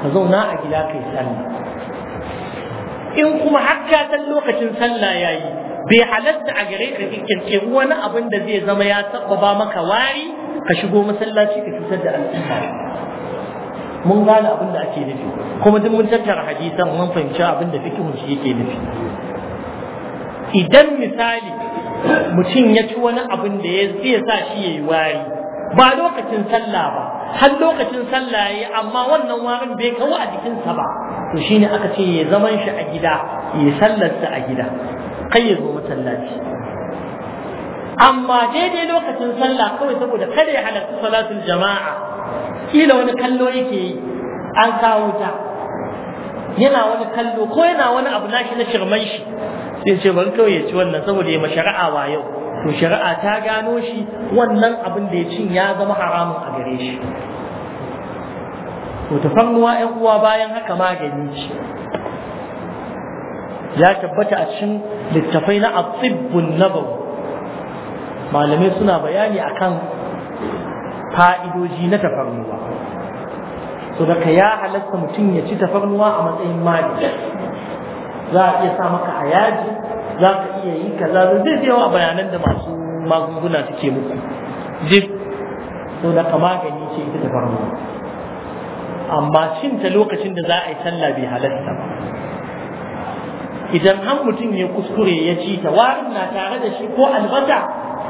ka zauna a gida kai sallah in kuma har ka san lokacin sallah yayi bai halatta a gare ka kirkiri wani abin da zai zama ya ba maka wari ka shigo masallaci ka cutar da al'umma mun gane abin da ake nufi kuma duk mun tattara hadisan mun fahimci abin da fikihun shi yake nufi idan misali mutum ya ci wani abin da ya zai sa shi yayi wari ba lokacin sallah ba har lokacin sallah yayi amma wannan warin bai kawo a jikinsa ba to shine aka ce ya zaman shi a gida ya sallarsa a gida kai ya zo masallaci amma daidai lokacin sallah kawai saboda kada ya halarci salatul jama'a kila wani kallo yake yi an kawo ta yana wani kallo ko yana wani abu nashi na shirman shi sai ce ban kawai ya ci wannan saboda ya shari'a wa yau to shari'a ta gano shi wannan abin da ya cin ya zama haramun a gare shi to tafarnuwa 'yan uwa bayan haka magani ce ya tabbata a cikin littafai na atibbun nabawi malamai suna bayani akan fa'idoji na tafarnuwa so daga ya halatta mutum ya ci tafarnuwa a matsayin magani za a iya sa maka a yaji za ka iya yi kaza zai zai yawa bayanan da masu magunguna suke muku duk so daga magani ce ita tafarnuwa amma cin ta lokacin da za a yi sallah bai halatta ba idan har mutum ya kuskure ya ci ta warin na tare da shi ko albata,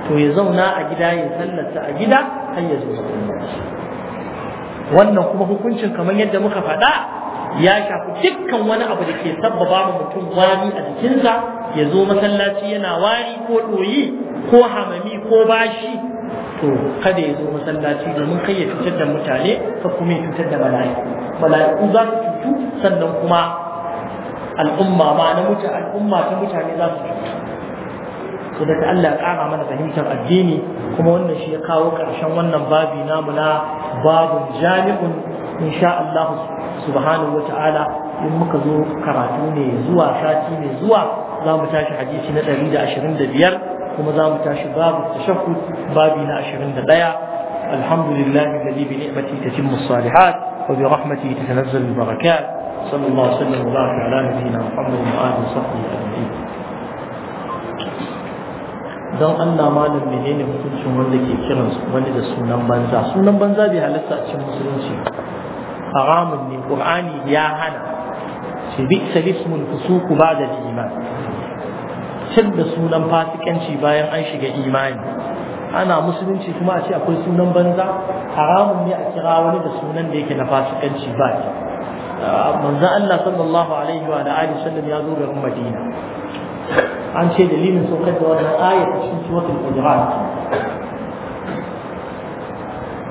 to ya zauna a gida ya sallarsa a gida har ya zo wannan kuma hukuncin kamar yadda muka faɗa ya shafi dukkan wani abu da ke sabbaba ma mutum wari a jikinsa ya zo masallaci yana wari ko ɗoyi ko hamami ko bashi to kada ya zo masallaci domin kai ya cutar da mutane ka kuma ya cutar da mala'iku mala'iku za su cutu sannan kuma al'umma ma na mutane al'umma ta mutane za su cutu to daga Allah ya ƙara mana fahimtar addini kuma wannan shi ya kawo ƙarshen wannan babi namu na babu jami'un insha Allah subhanahu wa ta'ala in muka zo karatu ne zuwa sati ne zuwa za mu tashi hadisi na 125 kuma za mu tashi babu tashahhud babi na 21 alhamdulillah alladhi bi ni'matihi tatimmu as-salihat wa bi rahmatihi tatanazzalu al-barakat sallallahu alaihi wa sallam wa baraka ala nabiyyina muhammadin wa alihi wa sahbihi ajma'in don Allah malam menene hukuncin wanda ke kiran wani da sunan banza sunan banza bai halatta a cikin musulunci haramun ne qur'ani ya hana ce bi salismul fusuku ba da iman cin da sunan fasikanci bayan an shiga imani ana musulunci kuma a ce akwai sunan banza haramun ne a kira wani da sunan da yake na fasikanci ba manzo Allah sallallahu alaihi wa alihi sallam ya zo garin Madina an ce dalilin saukar da wannan ayat cikin suratul hujurat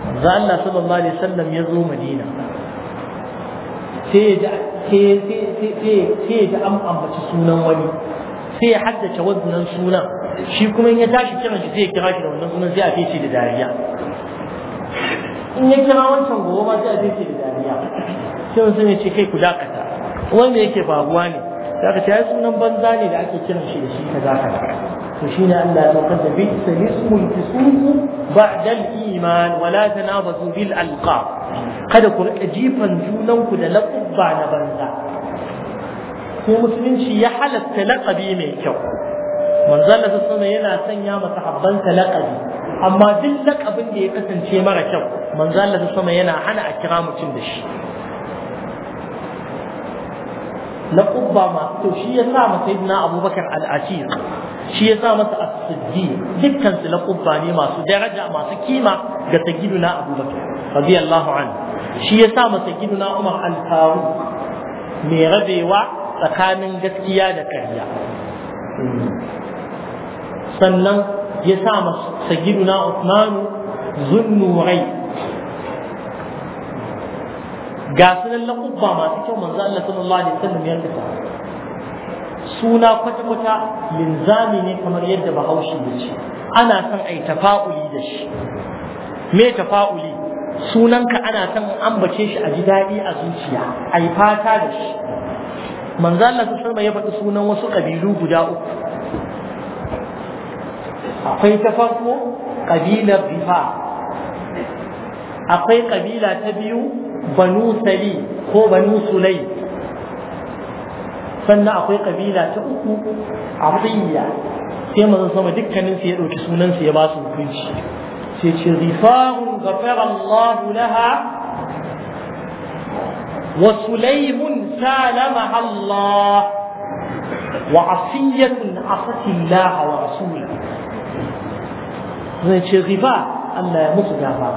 manzo Allah sallallahu alaihi wasallam ya zo Madina sai da an ambaci sunan wani sai ya haddace wannan sunan shi kuma in ya tashi kiran shi sai ya kira shi da wannan sunan sai a fece da dariya in ya kira wancan gobe ma sai a fece da dariya sai wasu ne ce kai ku dakata wanda yake faruwa ne da aka ce sunan banza ne da ake kiran shi da shi ka kaza to ne Allah ya saukar da bi salismul fusuqu ba'da al-iman wa la tanabazu bil alqab kada ku rika jifan junan ku da laqaba na banza ko musulunci ya halatta laqabi mai kyau manzo Allah yana sanya masa habbansa laqabi amma duk laqabin da ya kasance mara kyau manzo sama yana hana a kira mutum da shi na kubba ma to shi ya sa masa ibn abubakar al-ashir shi ya sa masa as-siddi dukkan su na kubba ne masu daraja masu kima ga na abubakar radiyallahu anhu shi ya sa masa na umar al-faruq mai rabewa tsakanin gaskiya da karya sannan ya sa masa na usmanu zunnurai ga su nan laƙubba masu kyau manzo Allah sallallahu alaihi wasallam ya rubuta suna kwata-kwata linzami ne kamar yadda bahaushe ya ce ana son ai tafa'uli da shi me tafa'uli sunanka ana son ambace shi a ji daɗi a zuciya ai fata da shi manzo Allah sallallahu alaihi ya faɗi sunan wasu kabilu guda uku akwai ta farko kabilar bifa akwai ƙabila ta biyu بنو سلي هو بنو سلي سنة أخوي قبيلة تأكو عطية سيما صمى دكا ننسي يدوك سننسي يباس مكوش سيتي رفاه غفر الله لها وسليم سالمها الله وعصية عصت الله ورسوله سيتي غفاه الله مصدقها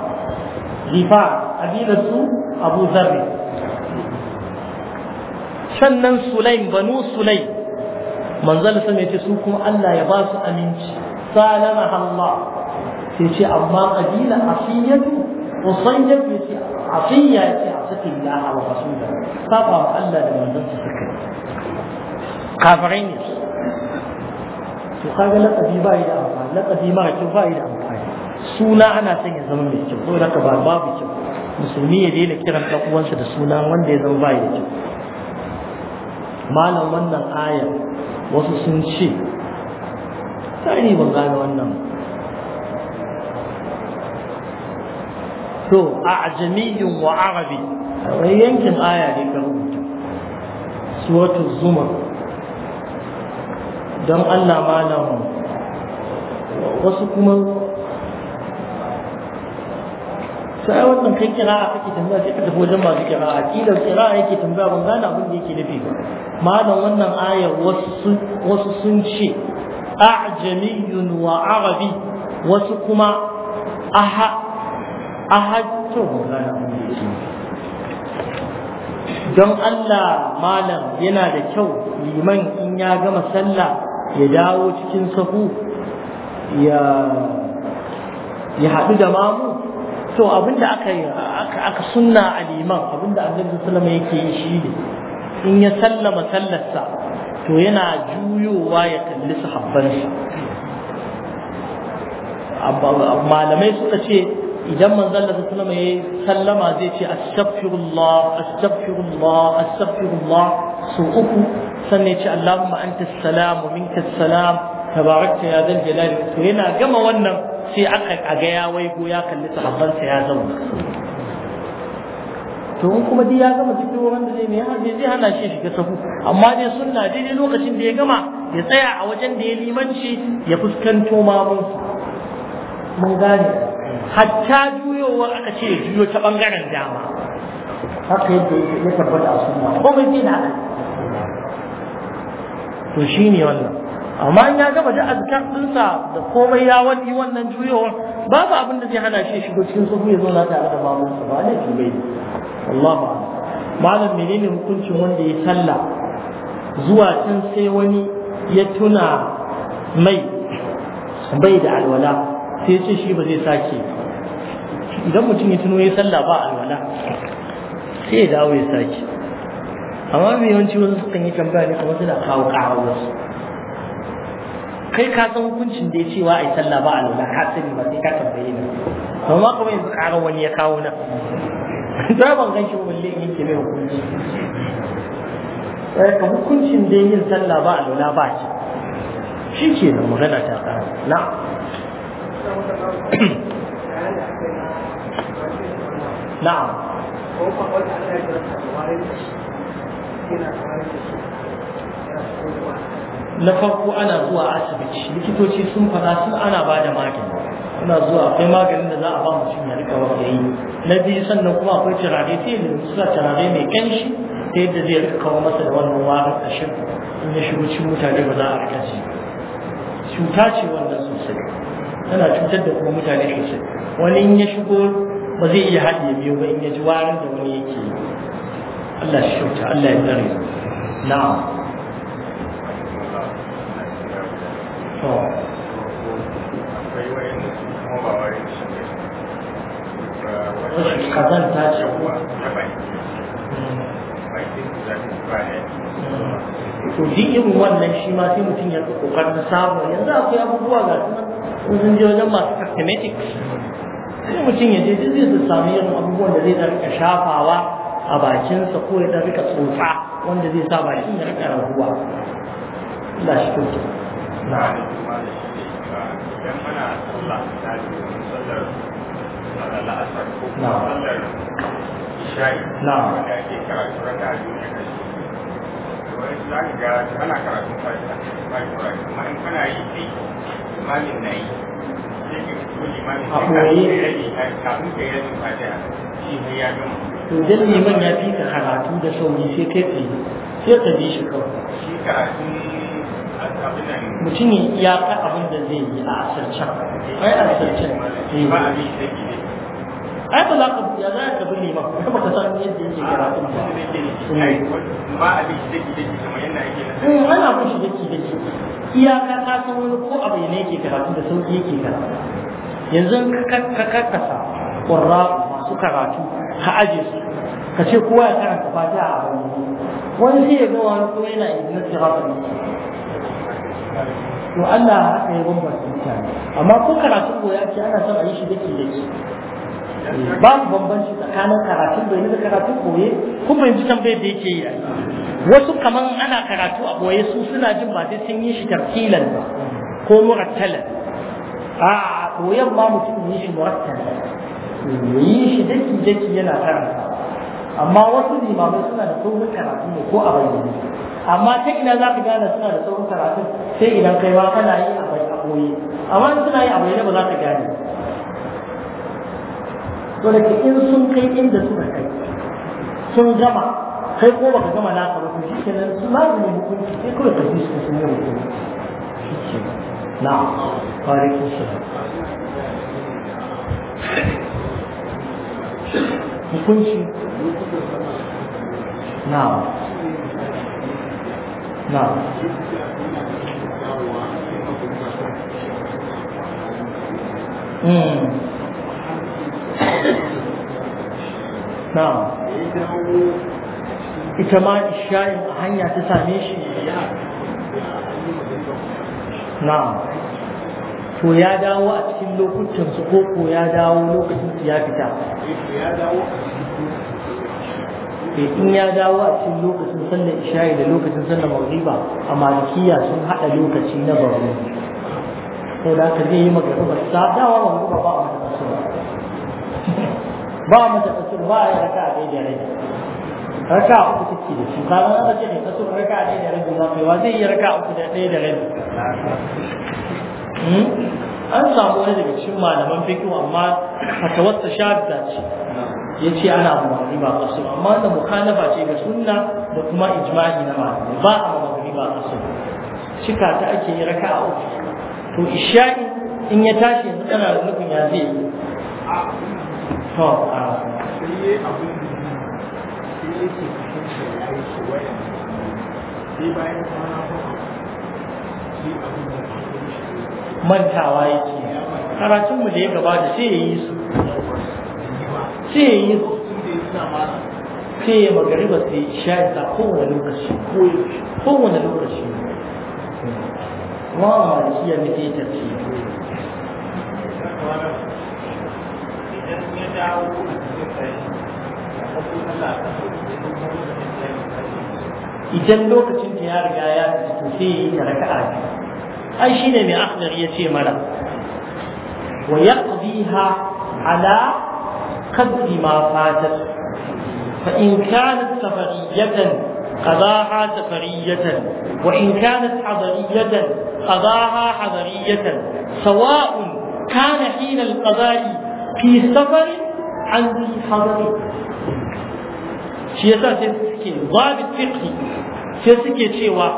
غفاه أبينا سوء abu zarri sannan sulaim banu sulaim manzal sun yace su kuma Allah ya ba su aminci salama Allah sai ce amma qabila asiyatu usayyat yace asiya yace asikin Allah wa rasula saba wa Allah da manzon sa suka kafirai ne to kaga laqabi ba yi da amfani laqabi ma kyau ba yi da amfani suna ana son ya zama mai kyau saboda ka ba babu kyau musulmi ya daina kiran ɗan da suna wanda ya zama ba ya kyau malam wannan aya wasu sun ce tsari ban gane wannan to a ajamiyin wa arabi wai yankin aya ne ka rubuta suwatu zuma don allah malam wasu kuma sai wannan kai kira'a kake tambaya sai ka tafi wajen masu kira'a kidan kira'a yake tambaya ban gane abin da yake nufi malam wannan ayar wasu wasu sun ce a'jamiyyun wa arabi wasu kuma aha aha to ban abin da yake don Allah malam yana da kyau liman in ya gama sallah ya dawo cikin sahu ya ya haɗu da mamu so abinda aka aka aka sunna a liman abinda annabi sallallahu alaihi yake yi ne in ya sallama sallarsa to yana juyowa ya kalli sahabbansa malamai suka ce idan manzon da sallama ya sallama zai ce astaghfirullah astaghfirullah astaghfirullah su uku sanne ce allahumma anta salam wa minka salam tabarakta ya zal jalali to yana gama wannan sai aka aga ya waigo ya kalli sahabbansa ya zauna to kuma dai ya gama cikin da zai ne ya zai hana shi shiga sahu amma dai sunna daidai lokacin da ya gama ya tsaya a wajen da ya limanci ya fuskanto mamun mun gane hatta juyowa aka ce juyo ta bangaren dama haka yadda ya tabbata a sunna komai zai na to shine wannan amma in ya gama da azkar dinsa da komai ya wani wannan juyowar babu abin da zai hana shi shigo cikin sufu ya zauna tare da mamansa ba ne shi bai Allahu malam menene hukuncin wanda ya sallah zuwa can sai wani ya tuna mai bai da alwala sai ya ce shi ba zai sake idan mutum ya tuno ya sallah ba alwala sai ya dawo ya sake amma mai yawanci wasu sukan yi tambaya ne kuma suna kawo ƙarar wasu kai ka san hukuncin da ya ce wa a yi sallah ba a alwala ka sani ba sai ka tambaye ni amma kuma yanzu ƙara wani ya kawo na Za ban gan shi balle in yake mai hukunci sai eh, ka hukuncin da yin sallah ba a alwala ba ce, shi ke nan magana ta kara na na'am na'am na farko ana zuwa asibiti likitoci sun fara sun ana ba da magani suna zuwa akwai maganin da za a ba mutum ya rika wanda yi na biyu sannan kuma akwai turare sai da suna turare mai kanshi ta yadda zai rika kawo masa da wannan warin kashin in ya shigo cikin mutane ba za a rika ci cuta ce wannan sosai tana cutar da kuma mutane sosai wani in ya shigo ba zai iya haɗe biyu ba in ya ji warin da wani yake yi Allah shi kyauta Allah ya tsare na'am irin wannan shi ma sai mutum ya kokarin samu yanzu akwai abubuwa ga su sun je wajen masu cosmetics sai mutum ya je duk zai sami irin abubuwan da zai da rika shafawa a bakinsa ko ya da rika tsotsa wanda zai sa bakin ya rika rahuwa Allah shi kyautu na'am idan muna sallah ta sallar sallar la'asar ko sallar isha'i na'am wanda ake karatu raka'a biyu ne waɗansu za ka ga karatun amma in kana yi sai limamin na yi sai ka fito limamin sai ka yi kafin ka yi shi sai ya gama to dan liman ya fi ka karatu da sauri sai kai tsaye sai ka bi shi kawai shi mutum ya ka abin da zai yi a asirce ai a asirce ba ai ba za ka ya za ka tafi liman kuma ka san yadda yake karatu ba a bi shi dake dake kamar yadda ake na eh, ana bin shi dake dake iyaka ka san wani ko abu ne yake karatu da sauki yake karatu yanzu ka sa ƙurra masu karatu ka aje su ka ce kowa ya karanta fatiha a bayyane wani sai ya ga wani kuma yana ibnu sirafin to Allah haka ya rubuta mutane amma ko karatun goya ce ana son a yi shi dake dake babu bambanci tsakanin karatun bai da karatun koye kun fahimci tambayar da yake yi wasu kaman ana karatu a boye su suna jin ba sai sun yi shi tartilan ba ko murattalan a koyan ma mutum yi shi murattalan yi shi daki daki yana karanta amma wasu limamai suna da saurin karatu ne ko a bayyane amma ta ina za ka gane suna da saurin karatu sai idan kai ma kana yi a boye amma suna yi a bayyane ba za ka gane to da in sun kai inda suka kai sun gama kai ko baka gama naka ba ke nan su lazumi hukunci sai kawai ka ji su sun yi shi ke na wa alaikum salam hukunci na, na, Mm. na ita ma ishayin a hanya ta same shi na to ya dawo a cikin lokutan su ko ya dawo lokacin su ya fita eh, in ya dawo a cikin lokacin sannan isha'i da lokacin sannan magriba a malikiya sun haɗa lokaci na barno sau da aka zai yi magariba sa dawa magriba ba a mata ba a mata ba ya raka a da rage raka a uku take da shi kaga na bace ne ka so raka a da rai za kai wa zai yi raka a uku da ɗaya da rage hmm? an samu wani daga cikin malaman fikihu amma fatawarsa shabda ce ya ce ana abu umarni ba kasu amma da mukhalafa ce ga sunna da kuma ijma'i na malamai ba a umarni ba kasu cika ta ake yi raka a uku to isha'i in ya tashi yanzu tana da nufin ya zai yi to a sai abun sai yake cikin da ya yi shi wayan sai bayan kwana kuma da mantawa yake karatunmu da ya gabata sai ya yi su sai ya yi su sai ya magariba sai ya sha kowane lokaci kowane lokaci kuma a malikiya na ke tafi idan ya dawo a cikin idan lokacin ta ya riga ya to sai yi ta raka'a ai shine mai akhbar ya ce mana wa yaqdiha ala qadri ma fatat fa in kanat safariyatan قضاها سفرية وإن كانت حضرية قضاها حضرية سواء كان حين القضاء في سفر أم في حضر shi yasa sai suke zabit fiqhi sai suke cewa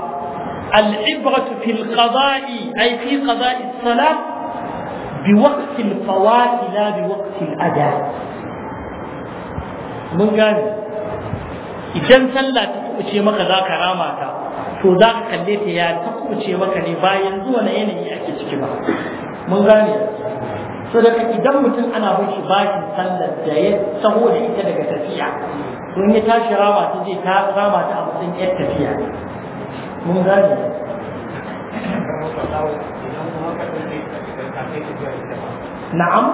al'ibratu fil qada'i ay fi qada'i salat bi waqti al fawati la bi waqti al ada mun gane idan sallah ta kuce maka zaka rama ta to za ka kalle ta ya ta kuce maka ne bayan zuwa na yanayi ake ciki ba mun gane so idan mutum ana bin shi sallar da ya saho da ita daga tafiya don ya tashi rama ta je ta rama ta a matsayin yar tafiya mun gane na'am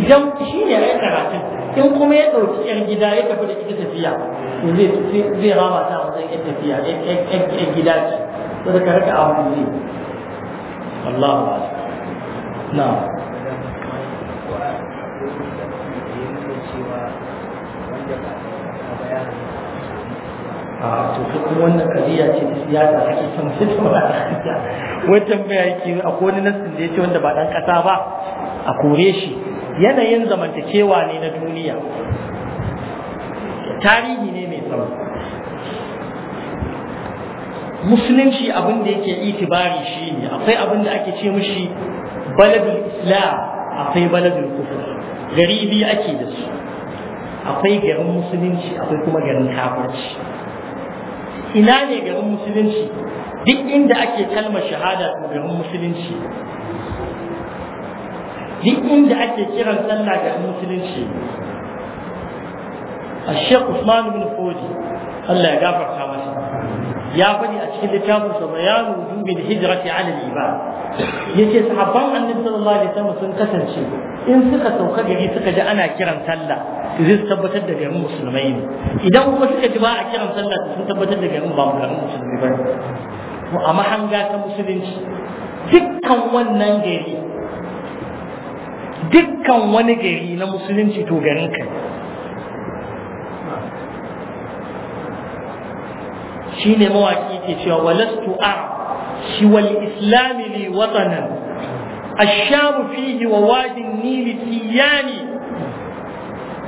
idan shi ne ya karatu, in kuma ya ɗauki yan gida ya tafi da ita tafiya zai rama ta a matsayin yar tafiya yan gida ce so da ka rika abin zai Allah ba na'am a to kuma wannan kariya ce ta siyasa ake son su ba wajen bai yake akwai wani nasin da ya ce wanda ba dan kasa ba a kore shi yanayin zamantakewa ne na duniya tarihi ne mai tsawo musulunci abin da yake itibari shi ne akwai abin da ake ce mushi baladul islam akwai baladul kufur gari biyu ake da su akwai garin musulunci akwai kuma garin kafirci ina ne garin musulunci duk inda ake kalmar shahada to garin musulunci duk inda ake kiran sallah garin musulunci الشيخ عثمان بن allah ya يغفر خامسه ya faɗi a cikin littafin sa bayanu wujubil hijrati ala al-ibad yace sahabban annabi sallallahu alaihi wasallam sun kasance in suka sauka gari suka ji ana kiran sallah to zai tabbatar da garin musulmai ne idan kuma suka ji ba a kiran sallah sun tabbatar da garin ba garin musulmai ba to a mahanga ta musulunci dukkan wannan gari dukkan wani gari na musulunci to garin kai shi ne mawaƙi ke cewa walastu a shi wal islami ne watanin a shamu fihi wa wajin nili tiyani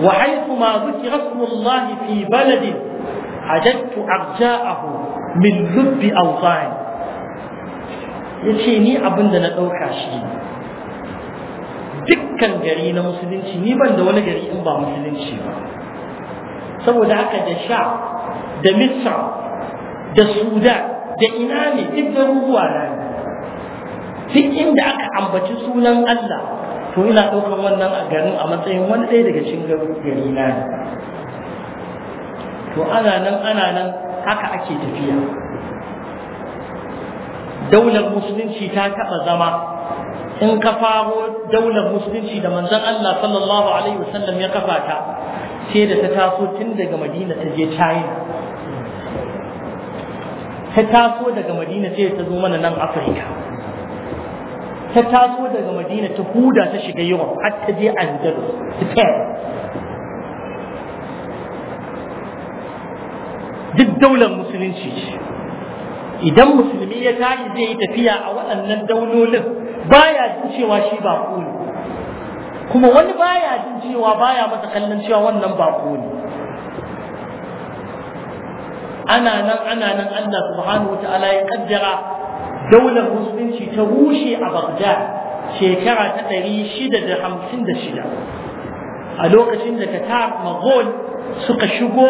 wa haifu ma zuki rasulullahi fi baladin a arja'ahu min lubbi awzai ya ce ni abinda na ɗauka shi dukkan gari na musulunci ni ban da wani gari in ba musulunci ba saboda haka da sha da misra da sudan da ina ne duk garuruwa na ne duk inda aka ambaci sunan Allah to ina ɗaukar wannan a garin a matsayin wani ɗaya daga cikin gari na ne to ana nan ana nan haka ake tafiya daular musulunci ta taɓa zama in ka faro daular musulunci da manzon Allah sallallahu alaihi wasallam ya kafa ta sai da ta taso tun daga Madina ta je China ta taso daga madina sai ta zo mana nan afirka ta taso daga madina ta huda ta shiga europe har ta je andalus spain duk daular musulunci idan musulmi ya tashi zai yi tafiya a waɗannan daulolin baya jin cewa shi ba ne kuma wani baya jin cewa baya masa kallon cewa wannan ba ne ana nan ana nan Allah subhanahu wata'ala ya kaddara daular musulunci ta rushe a Baghdad shekara ta ɗari shida da hamsin da shida a lokacin da Qatar Mughal suka shigo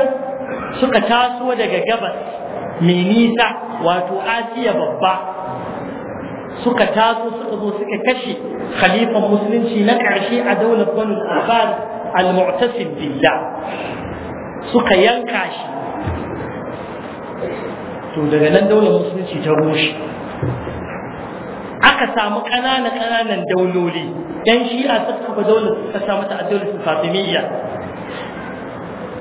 suka taso daga gabas mai nisa wato Asiya babba suka taso suka zo suka kashe khalifan musulunci na ƙarshe a daular Banu Abbas al-Mu'tasim billah suka yanka shi to daga nan daular musulunci ta rushe aka samu kanana-kananan dauloli yan shi'a suka kafa daular ta samu ta a daular fatimiyya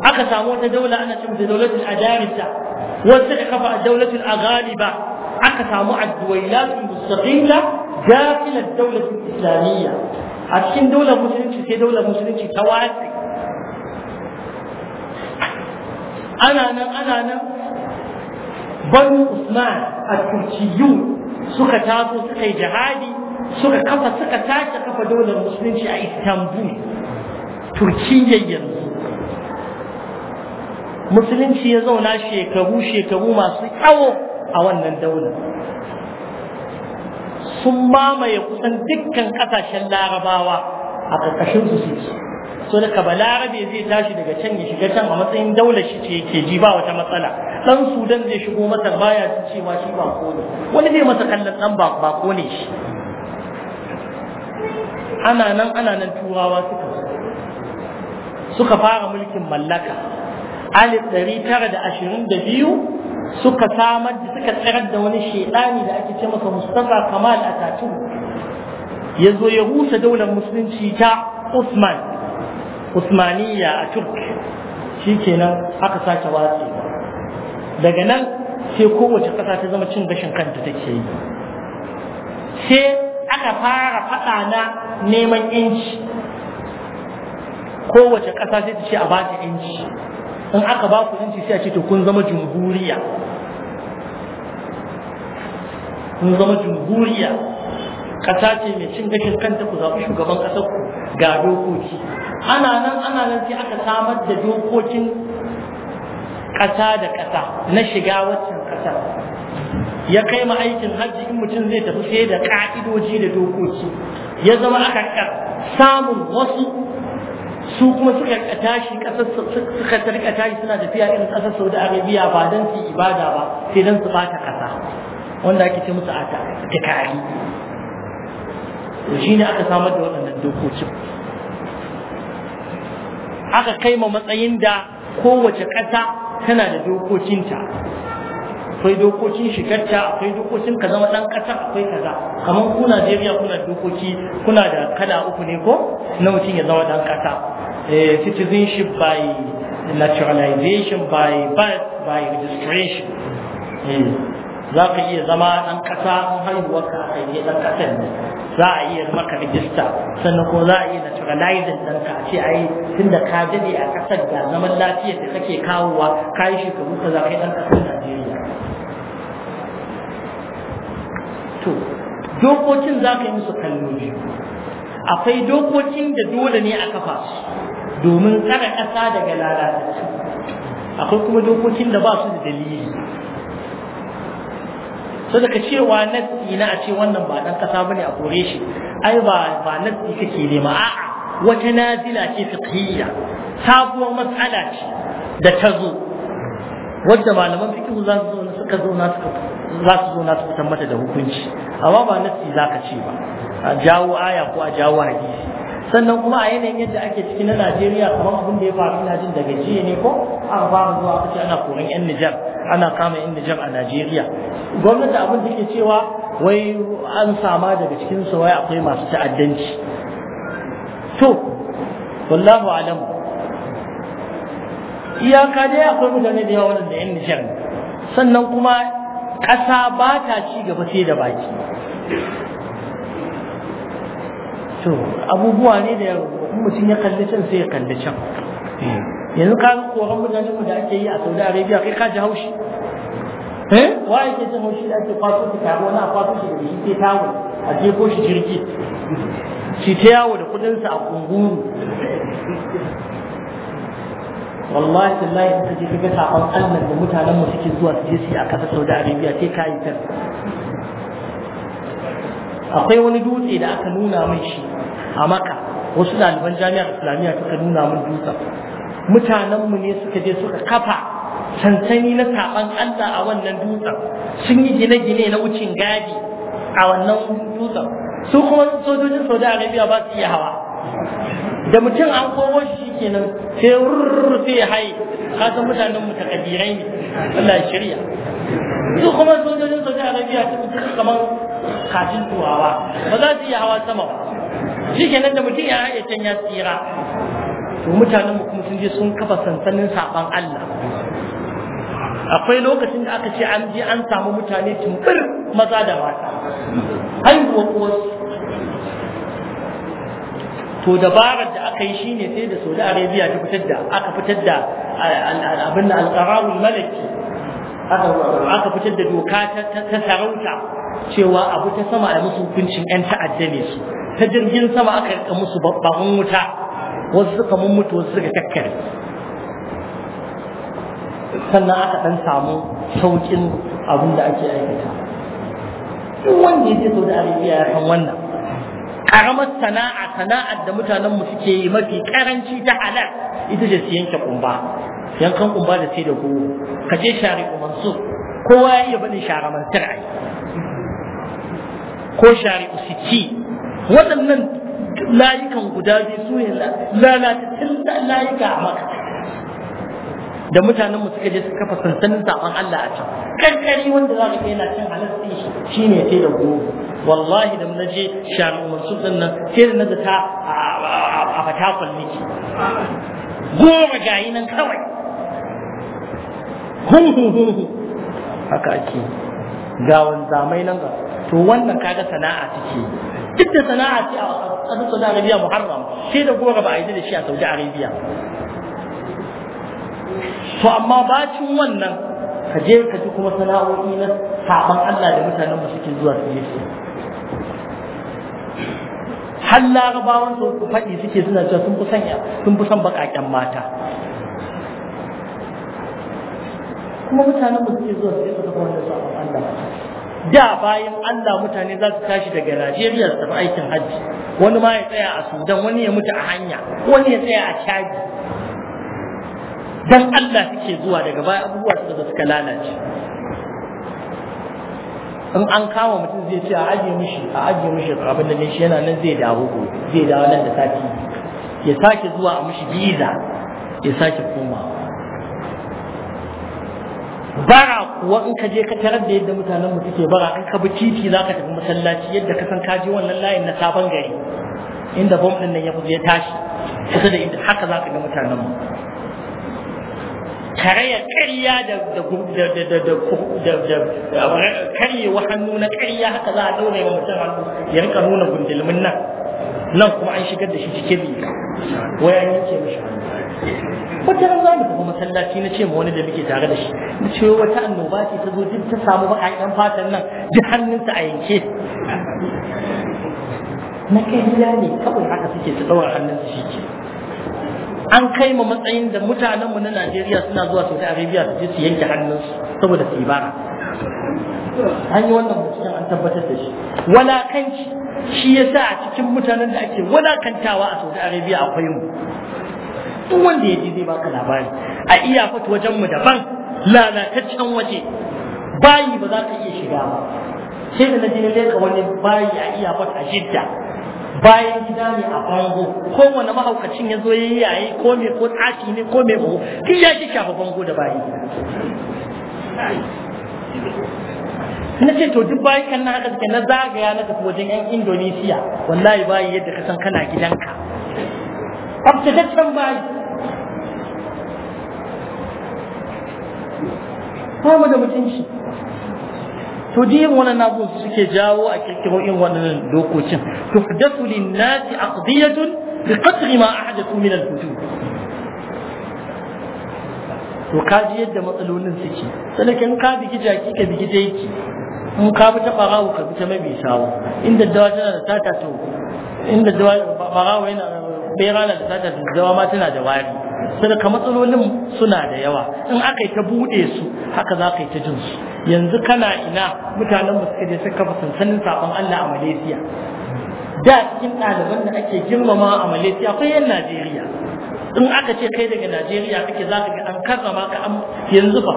aka samu wata daula ana cin da daulatul adarisa wasu da kafa a daulatul aghaliba aka samu adduwailatul mustaqila dakilar daulatul islamiyya a cikin daular musulunci sai daular musulunci ta wasi ana nan ana nan banu usman a turkiyu suka taso suka yi jihadi suka kafa suka tace kafa daular musulunci a istanbul turkiyya yanzu musulunci ya zauna shekaru shekaru masu tsawo a wannan daular sun mamaye kusan dukkan kasashen larabawa a ƙarƙashin su so daga balarabe zai tashi daga can ya shiga can a matsayin daular shi ce yake ji ba wata matsala Ɗan sudan zai shigo masa baya cewa shi ba ko ne wani zai masa kallon ɗan ba ko ne shi ana nan ana nan turawa suka suka fara mulkin mallaka alif ɗari tara da ashirin da biyu suka samar da suka tsirar da wani shaidani da ake ce masa mustafa kamal atatürk ya zo ya rusa daular musulunci ta usman usmaniya a turk shi kenan aka sake watsi daga nan sai kowace ƙasa ta zama cin gashin kanta take yi sai aka fara faɗa na neman inci kowace ƙasa sai ta ce a bata inci in aka ba ku inci sai a ce to kun zama jumhuriya kun zama jumhuriya ƙasa ce mai cin gashin kanta ku zaɓi shugaban ƙasar ku ga dokoki ana nan ana nan sai aka samar da dokokin ƙasa da ƙasa na shiga waccan ƙasar ya kai ma aikin hajji in mutum zai tafi sai da ƙa'idoji da dokoki ya zama aka samun wasu su kuma suka tashi kasar suka tarka tashi suna tafiya irin ƙasar Saudi Arabia ba don su ibada ba sai don su bata ƙasa, wanda ake ce musu ata to shine aka samar da waɗannan dokokin aka kai ma matsayin da kowace ƙasa tana da dokokinta akwai dokokin shigarta akwai dokokin ka zama ɗan ƙasar akwai kaza kamar ku Najeriya kuna dokoki kuna da kada uku ne ko na mutum ya zama ɗan ƙasa eh, citizenship by naturalization by birth by registration eh, za ka iya zama ɗan ƙasa an haihuwarka a kai ɗan ƙasar ne za a iya maka rijista sannan kuma za a iya naturalizing ɗanka a ce tun da ka jade a ƙasar da zaman lafiyar da kake kawowa ka yi shekaru ka za ka yi ɗan ƙasar Najeriya. To, dokokin za ka yi musu kalmomi. Akwai dokokin da dole ne a kafa su domin tsare ƙasa daga lalata. Akwai kuma dokokin da ba su da dalili. sai daga cewa nasi na a ce wannan ba dan kasa bane a kore shi ai ba ba nasi kake nema a'a wata nazila ce fiqhiyya sabuwar matsala ce da ta zo wadda malaman fiqh za su zo suka zauna suka za su zauna su fitar mata da hukunci amma ba za ka ce ba a jawo aya ko a jawo hadisi sannan kuma a yanayin yadda ake ciki na Najeriya kamar abin da ya faru ina jin daga jiya ne ko an fara zuwa aka ce ana koran yan Nijar ana kama yan Nijar a Najeriya gwamnati abin da ke cewa wai an sama daga cikin su wai akwai masu ta'addanci to wallahu alam iyaka dai akwai mutane da yawa wanda yan Nijar sannan kuma ƙasa ba ta ci gaba sai da baki to abubuwa ne da mutum ya kalli can sai ya kalli can yanzu ka ga koran mutanen mu da ake yi a Saudi Arabia kai ka ji haushi eh wa yake jin haushi da ake kwato ta taro na kwato shi da shi ke tawo a ko shi jirgi shi ta yawo da kudin sa a kunguru wallahi tallahi in ka je ka ga sakon Allah da mutanen mu suke zuwa su je su yi a kasar Saudi Arabia sai ka yi ta akwai wani dutse da aka nuna mai shi a maka wasu ɗaliban jami'ar islamiyya suka nuna min dutsen mutanenmu ne suka je suka kafa sansani na saɓan allah a wannan dutsen sun yi gine-gine na wucin gadi a wannan dutsen su kuma sojojin saudi arabia ba su iya hawa da mutum an komo shi kenan sai rurru sai ya haye kasan mutanen mu takaddirai ne Allah shirya su kuma sojojin saudi arabia su kamar kafin turawa ba za su iya hawa sama ba shi nan da mutum ya haɗe can ya tsira to mutanen mu kuma sun je sun kafa sansanin saɓan Allah akwai lokacin da aka ce an je an samu mutane tumbir maza da mata haihuwa uwarsu to dabarar da aka yi shine sai da Saudi Arabia ta fitar da aka fitar da abin da al malaki aka fitar da doka ta sarauta cewa abu ta sama a musu hukuncin 'yan ta'adda ne su ta jirgin sama aka yi musu babban wuta wasu suka mummuta wasu suka kakkare sannan aka dan samu saukin abin da ake aikata duk wanda ya sau da Arabia ya san wannan karamar sana'a sana'ar da mutanen mu suke yi mafi karanci ta halar. ita ce su yanke kumba yankan kumba da sai da Ka kace share kumansu kowa ya iya baɗin share mantar ai ko shari'u ci waɗannan layukan guda biyu su ne lalatattun layuka a maka da mutanenmu suka je su kafa sansanin saman Allah a can kankari wanda za mu ga yana cin halarci shi ne sai da goro wallahi da na je shari'u mansur ɗin nan sai da na zata a fatakon niki goma gayi nan kawai hun hun hun haka ake ga wanzamai nan ga to wannan kaga sana'a take duk da sana'a ce a ƙasar Saudi Arabia Muharram sai da gora ba a yi da shi a Saudi Arabia to amma bacin wannan ka je ka ji kuma sana'o'i na saban Allah da mutanen mu suke zuwa su yi har larabawan su ku faɗi suke suna cewa sun fi sanya sun fi son baƙaƙen mata kuma mutanen mu suke zuwa su yi su wannan saban Allah da bayan Allah mutane za su tashi daga Najeriya su tafi aikin hajji wani ma ya tsaya a Sudan wani ya mutu a hanya wani ya tsaya a Chadi dan Allah suke zuwa daga baya abubuwa da suka lalace in an kama mutum zai ce a ajiye mishi a ajiye mishi abin da shi yana nan zai dawo gobe zai dawo nan da sati ya sake zuwa a mishi biza ya sake komawa bara kuwa in ka je ka tarar da yadda mutanen mu suke bara in ka bi titi za ka tafi masallaci yadda ka san ka je wannan layin na sabon gari inda bom din nan ya fi ya tashi kusa da inda haka za ka ga mutanen mu karaya karya da da da da karyewa hannu na karya haka za a daure wa mutum hannu ya rika nuna gundulmin nan nan kuma an shigar da shi cikin riga wai an hannu wata ran za mu tafi masallaci na ce ma wani da muke tare da shi na ce wata annoba ce ta zo duk ta samu baƙaƙen fatan nan duk hannunta a yanke na kai gida ne kawai haka suke ta ɗaura hannun su shi ke an kai ma matsayin da mutanenmu na Najeriya suna zuwa Saudi Arabia su je su yanke hannunsu saboda su yi bara an yi wannan binciken an tabbatar da shi walakanci shi yasa a cikin mutanen da ake walakantawa a Saudi Arabia akwai mu duk wanda ya ji zai baka labari a iya fata wajen mu daban lalataccen waje bayi ba za ka iya shiga ba sai da na je ka wani bayi a iya fata jidda. bayan gida ne a bango Ko wani mahaukacin ya zo yayi yayi ko me ko tsaki ne ko me ko duk ya ki shafa bango da bayi na ce to duk bayan kan na haka na zagaya na tafi wajen yan indonesiya wallahi bayi yadda ka san kana gidanka tsaftataccen bayi Kuma da mutunci to di yin wannan nabu suke jawo a kirkiro in wannan dokokin tuhdathu lin-nasi aqdiyatun bi qadri ma ahdathu min al-fujur to ka ji yadda matsalolin suke sanaka in ka bigi ki ka bi bigi daiki in ka bi ta barawo ka bi ta mabi sawo inda dawa tana da tata to inda dawa barawo yana bera da ta zama ma tana da wari saboda matsalolin suna da yawa in aka yi ta buɗe su haka za ka yi ta jin su yanzu kana ina mutanen ba su je suka kafa sansanin sabon Allah a Malaysia da cikin ɗaliban da ake girmama a Malaysia akwai yan Najeriya in aka ce kai daga Najeriya kake za ka ga an karrama ka an yanzu fa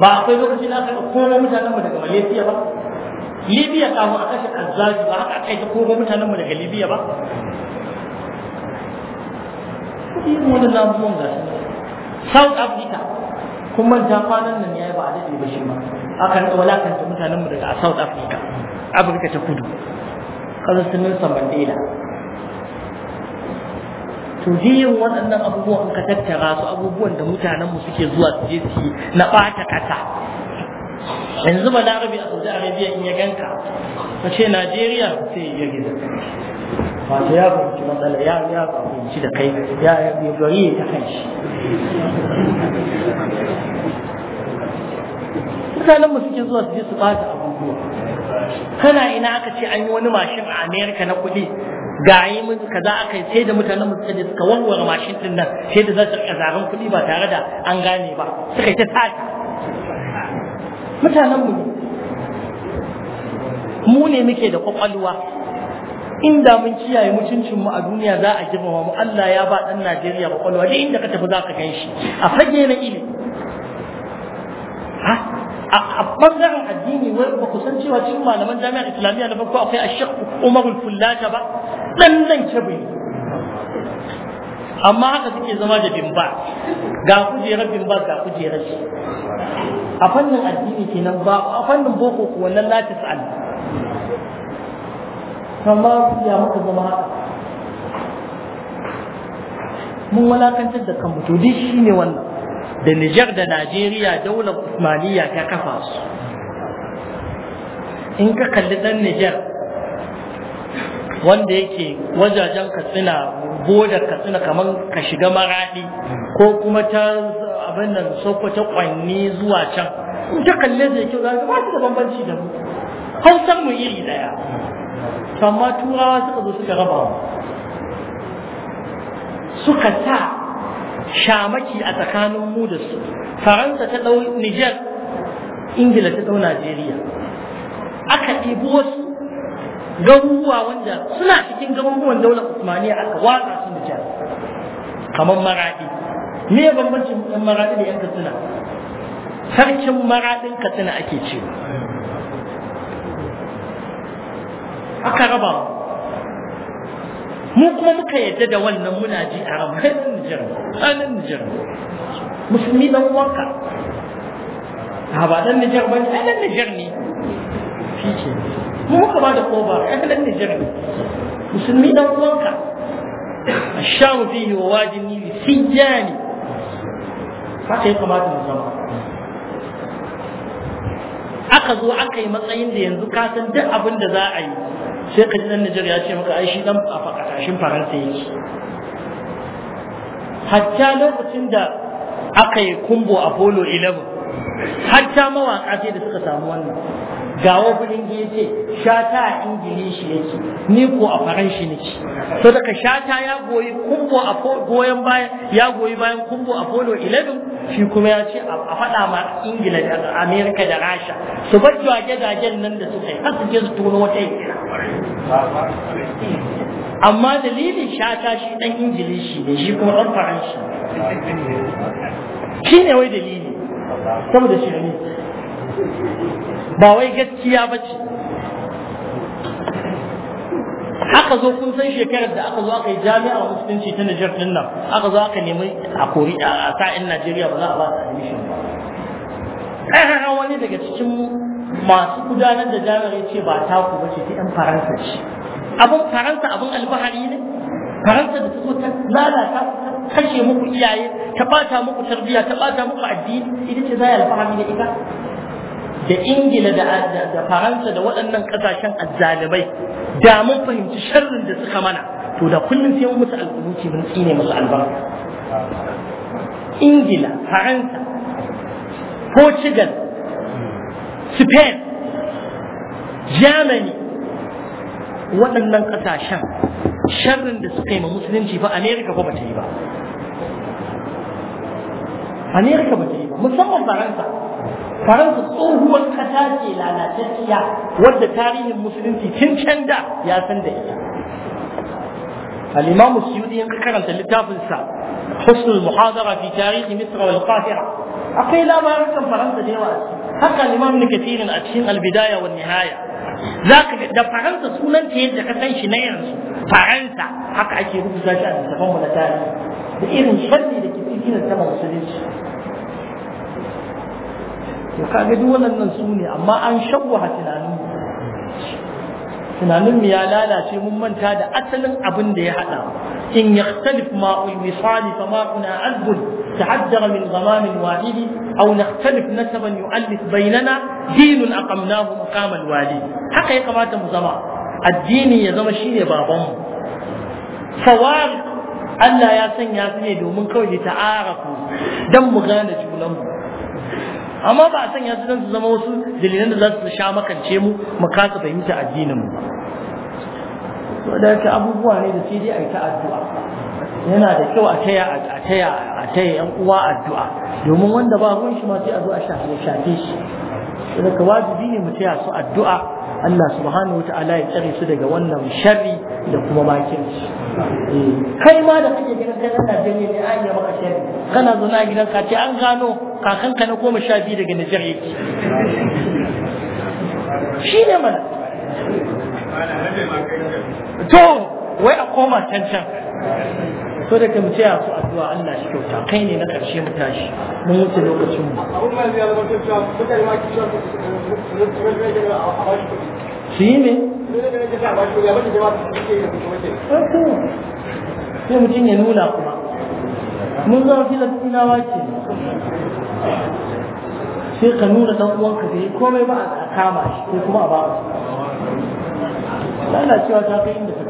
ba akwai lokaci da aka koma mutanen mu daga Malaysia ba Libya kawo a kashe Azzaji ba haka kai ta kogo mutanen mu daga Libya ba kudi mu da namuwan gasu. South Africa kun manta kwanan nan yayi ba a dade ba shi ma akan walakanta mutanenmu daga South Africa Afirka ta kudu kasar Nelson Mandela to yin waɗannan abubuwan ka tattara su abubuwan da mutanenmu suke zuwa su je su na ɓata ƙasa yanzu ba larabi a saudi arabia in ya ganka ka ce najeriya sai ya gida wato ya fahimci matsala ya ya fahimci da kai ya ya gari ya ta kan shi mutanen mu suke zuwa su je su bata abubuwa kana ina aka ce an yi wani mashin a amerika na kuɗi ga yi mun kaza aka yi sai da mutanen mu suka je suka warware mashin din nan sai da za su ƙazarin kuɗi ba tare da an gane ba suka yi ta sata mutanenmu ne mu ne muke da kwakwalwa inda mun kiyaye mutuncinmu a duniya za a girmama mu Allah ya ba ɗan Najeriya kwakwalwa duk inda ka tafi za ka gan shi a fage na ilimi a ɓangaren addini wai ba ku san cewa cikin malaman jami'ar islamiyya na farko akwai a shekku umarul fullata ba ɗan nan kebe amma haka suke zama da bimba ga kujerar bimba ga kujerar shi a fannin addini kenan ba a fannin boko ko nan lati sa'al amma ya muka zama haka mun walakantar da kanmu to dai ne wannan da Nijar da Najeriya daular Usmaniya ta kafa su in ka kalli dan Nijar wanda yake wajajen Katsina bodar katsina kamar ka shiga maraɗi ko kuma ta abin nan soko ta kwanni zuwa can in ta kalle zai kyau zai ba su da bambanci da mu hausar mu iri daya amma turawa suka zo suka raba mu suka sa shamaki a tsakanin mu da su faransa ta dau niger ingila ta dau najeriya aka ibo wasu garuruwa wanda suna cikin garuruwan daular usmaniya aka watsa su nijar kamar maraɗi me bambancin yan maraɗi da yan katsina sarkin maraɗin katsina ake cewa aka raba mu kuma muka yadda da wannan muna ji a ramar nijar tsanin nijar musulmi dan wanka. a ba dan nijar ba ne dan nijar ne shi ke mu ka ba da ba, ya kalan Nijar ne musulmi dan uwanka ashamu fihi wa wajin nili sijjani haka ya kamata mu zama aka zo aka yi matsayin da yanzu ka san duk abin da za a yi sai ka ji dan Nijar ya ce maka ai shi dan a fakashin Faransa yake hatta lokacin da aka yi kumbo Apollo 11 hatta mawaƙa sai da suka samu wannan gawo kudin gece shata a ingilishi yake ni ko a faranshi nake to daga shata ya goyi kumbo a goyen bayan ya goyi bayan kumbo a polo 11 shi kuma ya ce a faɗa ma ingila da amerika da rasha su bar jage-jagen nan da suka yi har su je su tono wata ingila amma dalilin shata shi dan ingilishi ne shi kuma dan faranshi shi ne wai dalili saboda shi ne ba wai gaskiya ba ce aka zo kun san shekarar da aka zo aka yi jami'ar musulunci ta Nijar din nan aka zo aka nemi a kori a sa'in Najeriya ba za a ba ta admission ba ƙarara wani daga cikin masu gudanar da jami'ar ya ce ba taku ba ce ta 'yan faransa ce abin faransa abin alfahari ne faransa da suka ta lalata kashe muku iyaye ta bata muku tarbiyya ta bata muku addini ita ce za a alfahari da ita da ingila da faransa da waɗannan ƙasashen azzalibai da mun fahimci sharrin da suka mana to da kullum sai mun musu alƙubuci mun tsine musu albarka ingila faransa portugal spain germany waɗannan ƙasashen sharrin da suka yi ma musulunci ba amerika ko ba ta yi ba amerika ba ta yi ba musamman faransa faransa tsohuwar kasa ce lalatacciya wadda tarihin musulunci tun can da ya san da ita al-imamu suyudi in karanta littafinsa husnul muhadara fi tarihi misr wal qahira akwai labarukan faransa da yawa haka al-imam ibn kathir a cikin al-bidaya wan nihaya zaka da faransa sunan ta yadda ka san shi na yanzu faransa haka ake rubuta shi a littafin mu na tarihi da irin sharri da ke cikin sama musulunci to kaga duk waɗannan su ne amma an shawwaha tunanin tunanin mu ya lalace mun manta da asalin abin da ya hada in yakhtalif ma al-wisal fa ma kuna azb ta'addara min ghamam wahid aw nakhtalif nasaban yu'allif bainana din aqamnahu maqam al-wali haka ya kamata mu zama addini ya zama shine babanmu fawar Allah ya sanya su ne domin kawai da ta'arafu dan mu gane junanmu amma ba a sanya su su zama wasu dalilan da za su sha makance mu mu kasa fahimta addinin mu to da ka abubuwa ne da sai dai a yi ta addu'a yana da kyau a taya a taya a taya yan uwa addu'a domin wanda ba ruwan shi ma sai a zo a shafe shi daga wajibi ne mu taya su addu'a Allah subhanahu wa ta'ala ya tsare su daga wannan sharri da kuma shi. kai ma da kake gidan kai kana janye ne an yaba ka sharri kana zo na gidan ka ce an gano kakanka na goma sha biyu daga Najeriya. yake shi ne mana to wai a koma can can so da kan ce su addu'a Allah shi kyauta kai ne na karshe mu tashi mun wuce lokacin mu su yi ne sai mutum ya nuna kuma mun zama filastinawa ke sai ka nuna dan uwanka da yi komai ba a kama shi ko kuma a ba cewa ta kai inda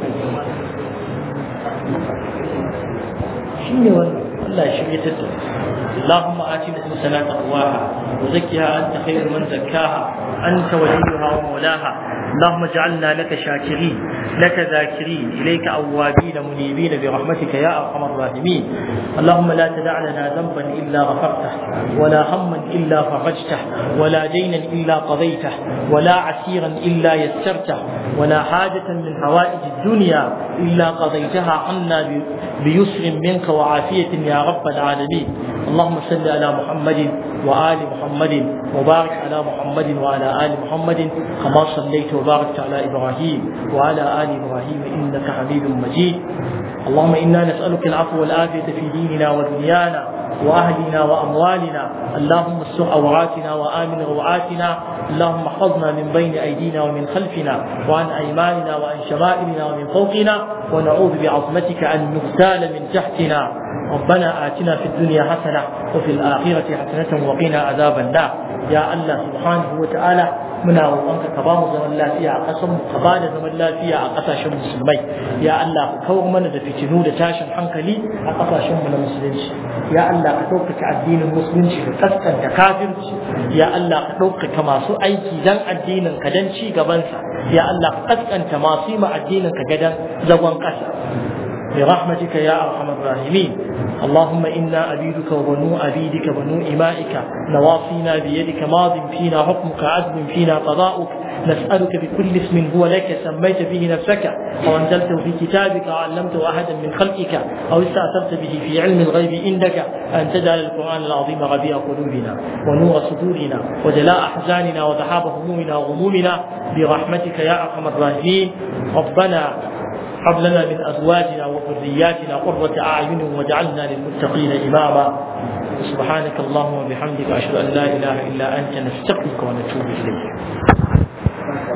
shine wannan Allah ya shirye ta اللهم آت نفوسنا تقواها وزكها أنت خير من زكاها أنت وليها ومولاها اللهم اجعلنا لك شاكرين لك ذاكرين إليك أوابين منيبين برحمتك يا أرحم الراحمين اللهم لا تدع لنا ذنبا إلا غفرته ولا هما إلا فرجته ولا دينا إلا قضيته ولا عسيرا إلا يسرته ولا حاجة من حوائج الدنيا إلا قضيتها عنا بيسر منك وعافية يا رب العالمين اللهم صل على محمد وآل محمد وبارك على محمد وعلى آل محمد كما صليت وباركت على إبراهيم وعلى آل إبراهيم إنك حميد مجيد اللهم إنا نسألك العفو والعافية في ديننا ودنيانا وأهلنا وأموالنا اللهم استر عوراتنا وآمن روعاتنا اللهم احفظنا من بين أيدينا ومن خلفنا وعن أيماننا وعن شمائلنا ومن فوقنا ونعوذ بعظمتك أن نغتال من تحتنا ربنا آتنا في الدنيا حسنة وفي الآخرة حسنة وقنا عذاب النار يا الله سبحانه وتعالى muna roƙonka ka ba mu zaman lafiya a ƙasar ka ba da zaman lafiya a ƙasashen musulmai ya Allah ka kawar mana da fitinu da tashin hankali a ƙasashen mu na musulunci ya Allah ka ɗaukaka addinin musulunci da kaskanta kafirci ya Allah ka ɗaukaka masu aiki dan addinin ka dan ci gabansa ya Allah ka kaskanta masu yi ma addinin ka gadan zagon ƙasa برحمتك يا أرحم الراحمين اللهم إنا أبيدك وبنو أبيدك وبنو إمائك نواصينا بيدك ماض فينا حكمك عدل فينا قضاؤك نسألك بكل اسم هو لك سميت به نفسك أو أنزلته في كتابك أو علمته أحدا من خلقك أو استأثرت به في علم الغيب عندك أن تجعل القرآن العظيم ربيع قلوبنا ونور صدورنا وجلاء أحزاننا وذهاب همومنا وغمومنا برحمتك يا أرحم الراحمين ربنا هب لنا من أزواجنا وذرياتنا قرة أعين واجعلنا للمتقين إماما سبحانك اللهم وبحمدك أشهد أن لا إله إلا أنت نستغفرك ونتوب إليك